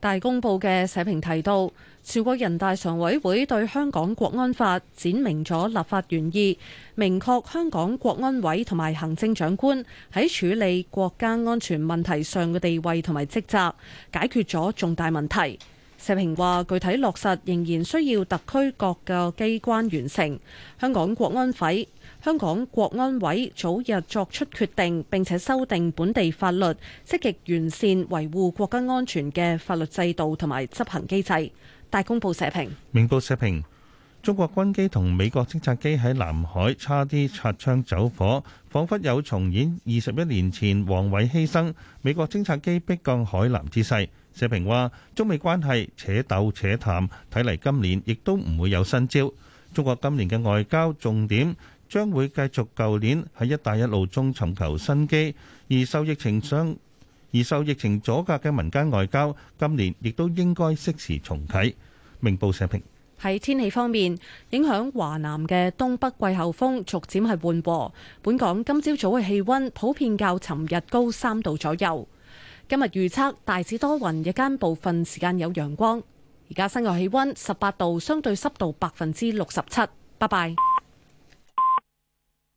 大公報嘅社評提到，全國人大常委會對香港國安法展明咗立法原意，明確香港國安委同埋行政長官喺處理國家安全問題上嘅地位同埋職責，解決咗重大問題。社評話，具體落實仍然需要特區各個機關完成香港國安委。香港國安委早日作出決定，並且修訂本地法律，積極完善維護國家安全嘅法律制度同埋執行機制。大公報社評，明報社評，中國軍機同美國偵察機喺南海差啲擦槍走火，仿佛有重演二十一年前王偉犧牲、美國偵察機迫降海南之勢。社評話，中美關係且鬥且談，睇嚟今年亦都唔會有新招。中國今年嘅外交重點。將會繼續舊年喺一帶一路中尋求新機，而受疫情相而受疫情阻隔嘅民間外交，今年亦都應該適時重啟。明報社評。喺天氣方面，影響華南嘅東北季候風逐漸係緩和，本港今朝早嘅氣溫普遍較尋日高三度左右。今日預測大致多雲，日間部分時間有陽光。而家室外氣溫十八度，相對濕度百分之六十七。拜拜。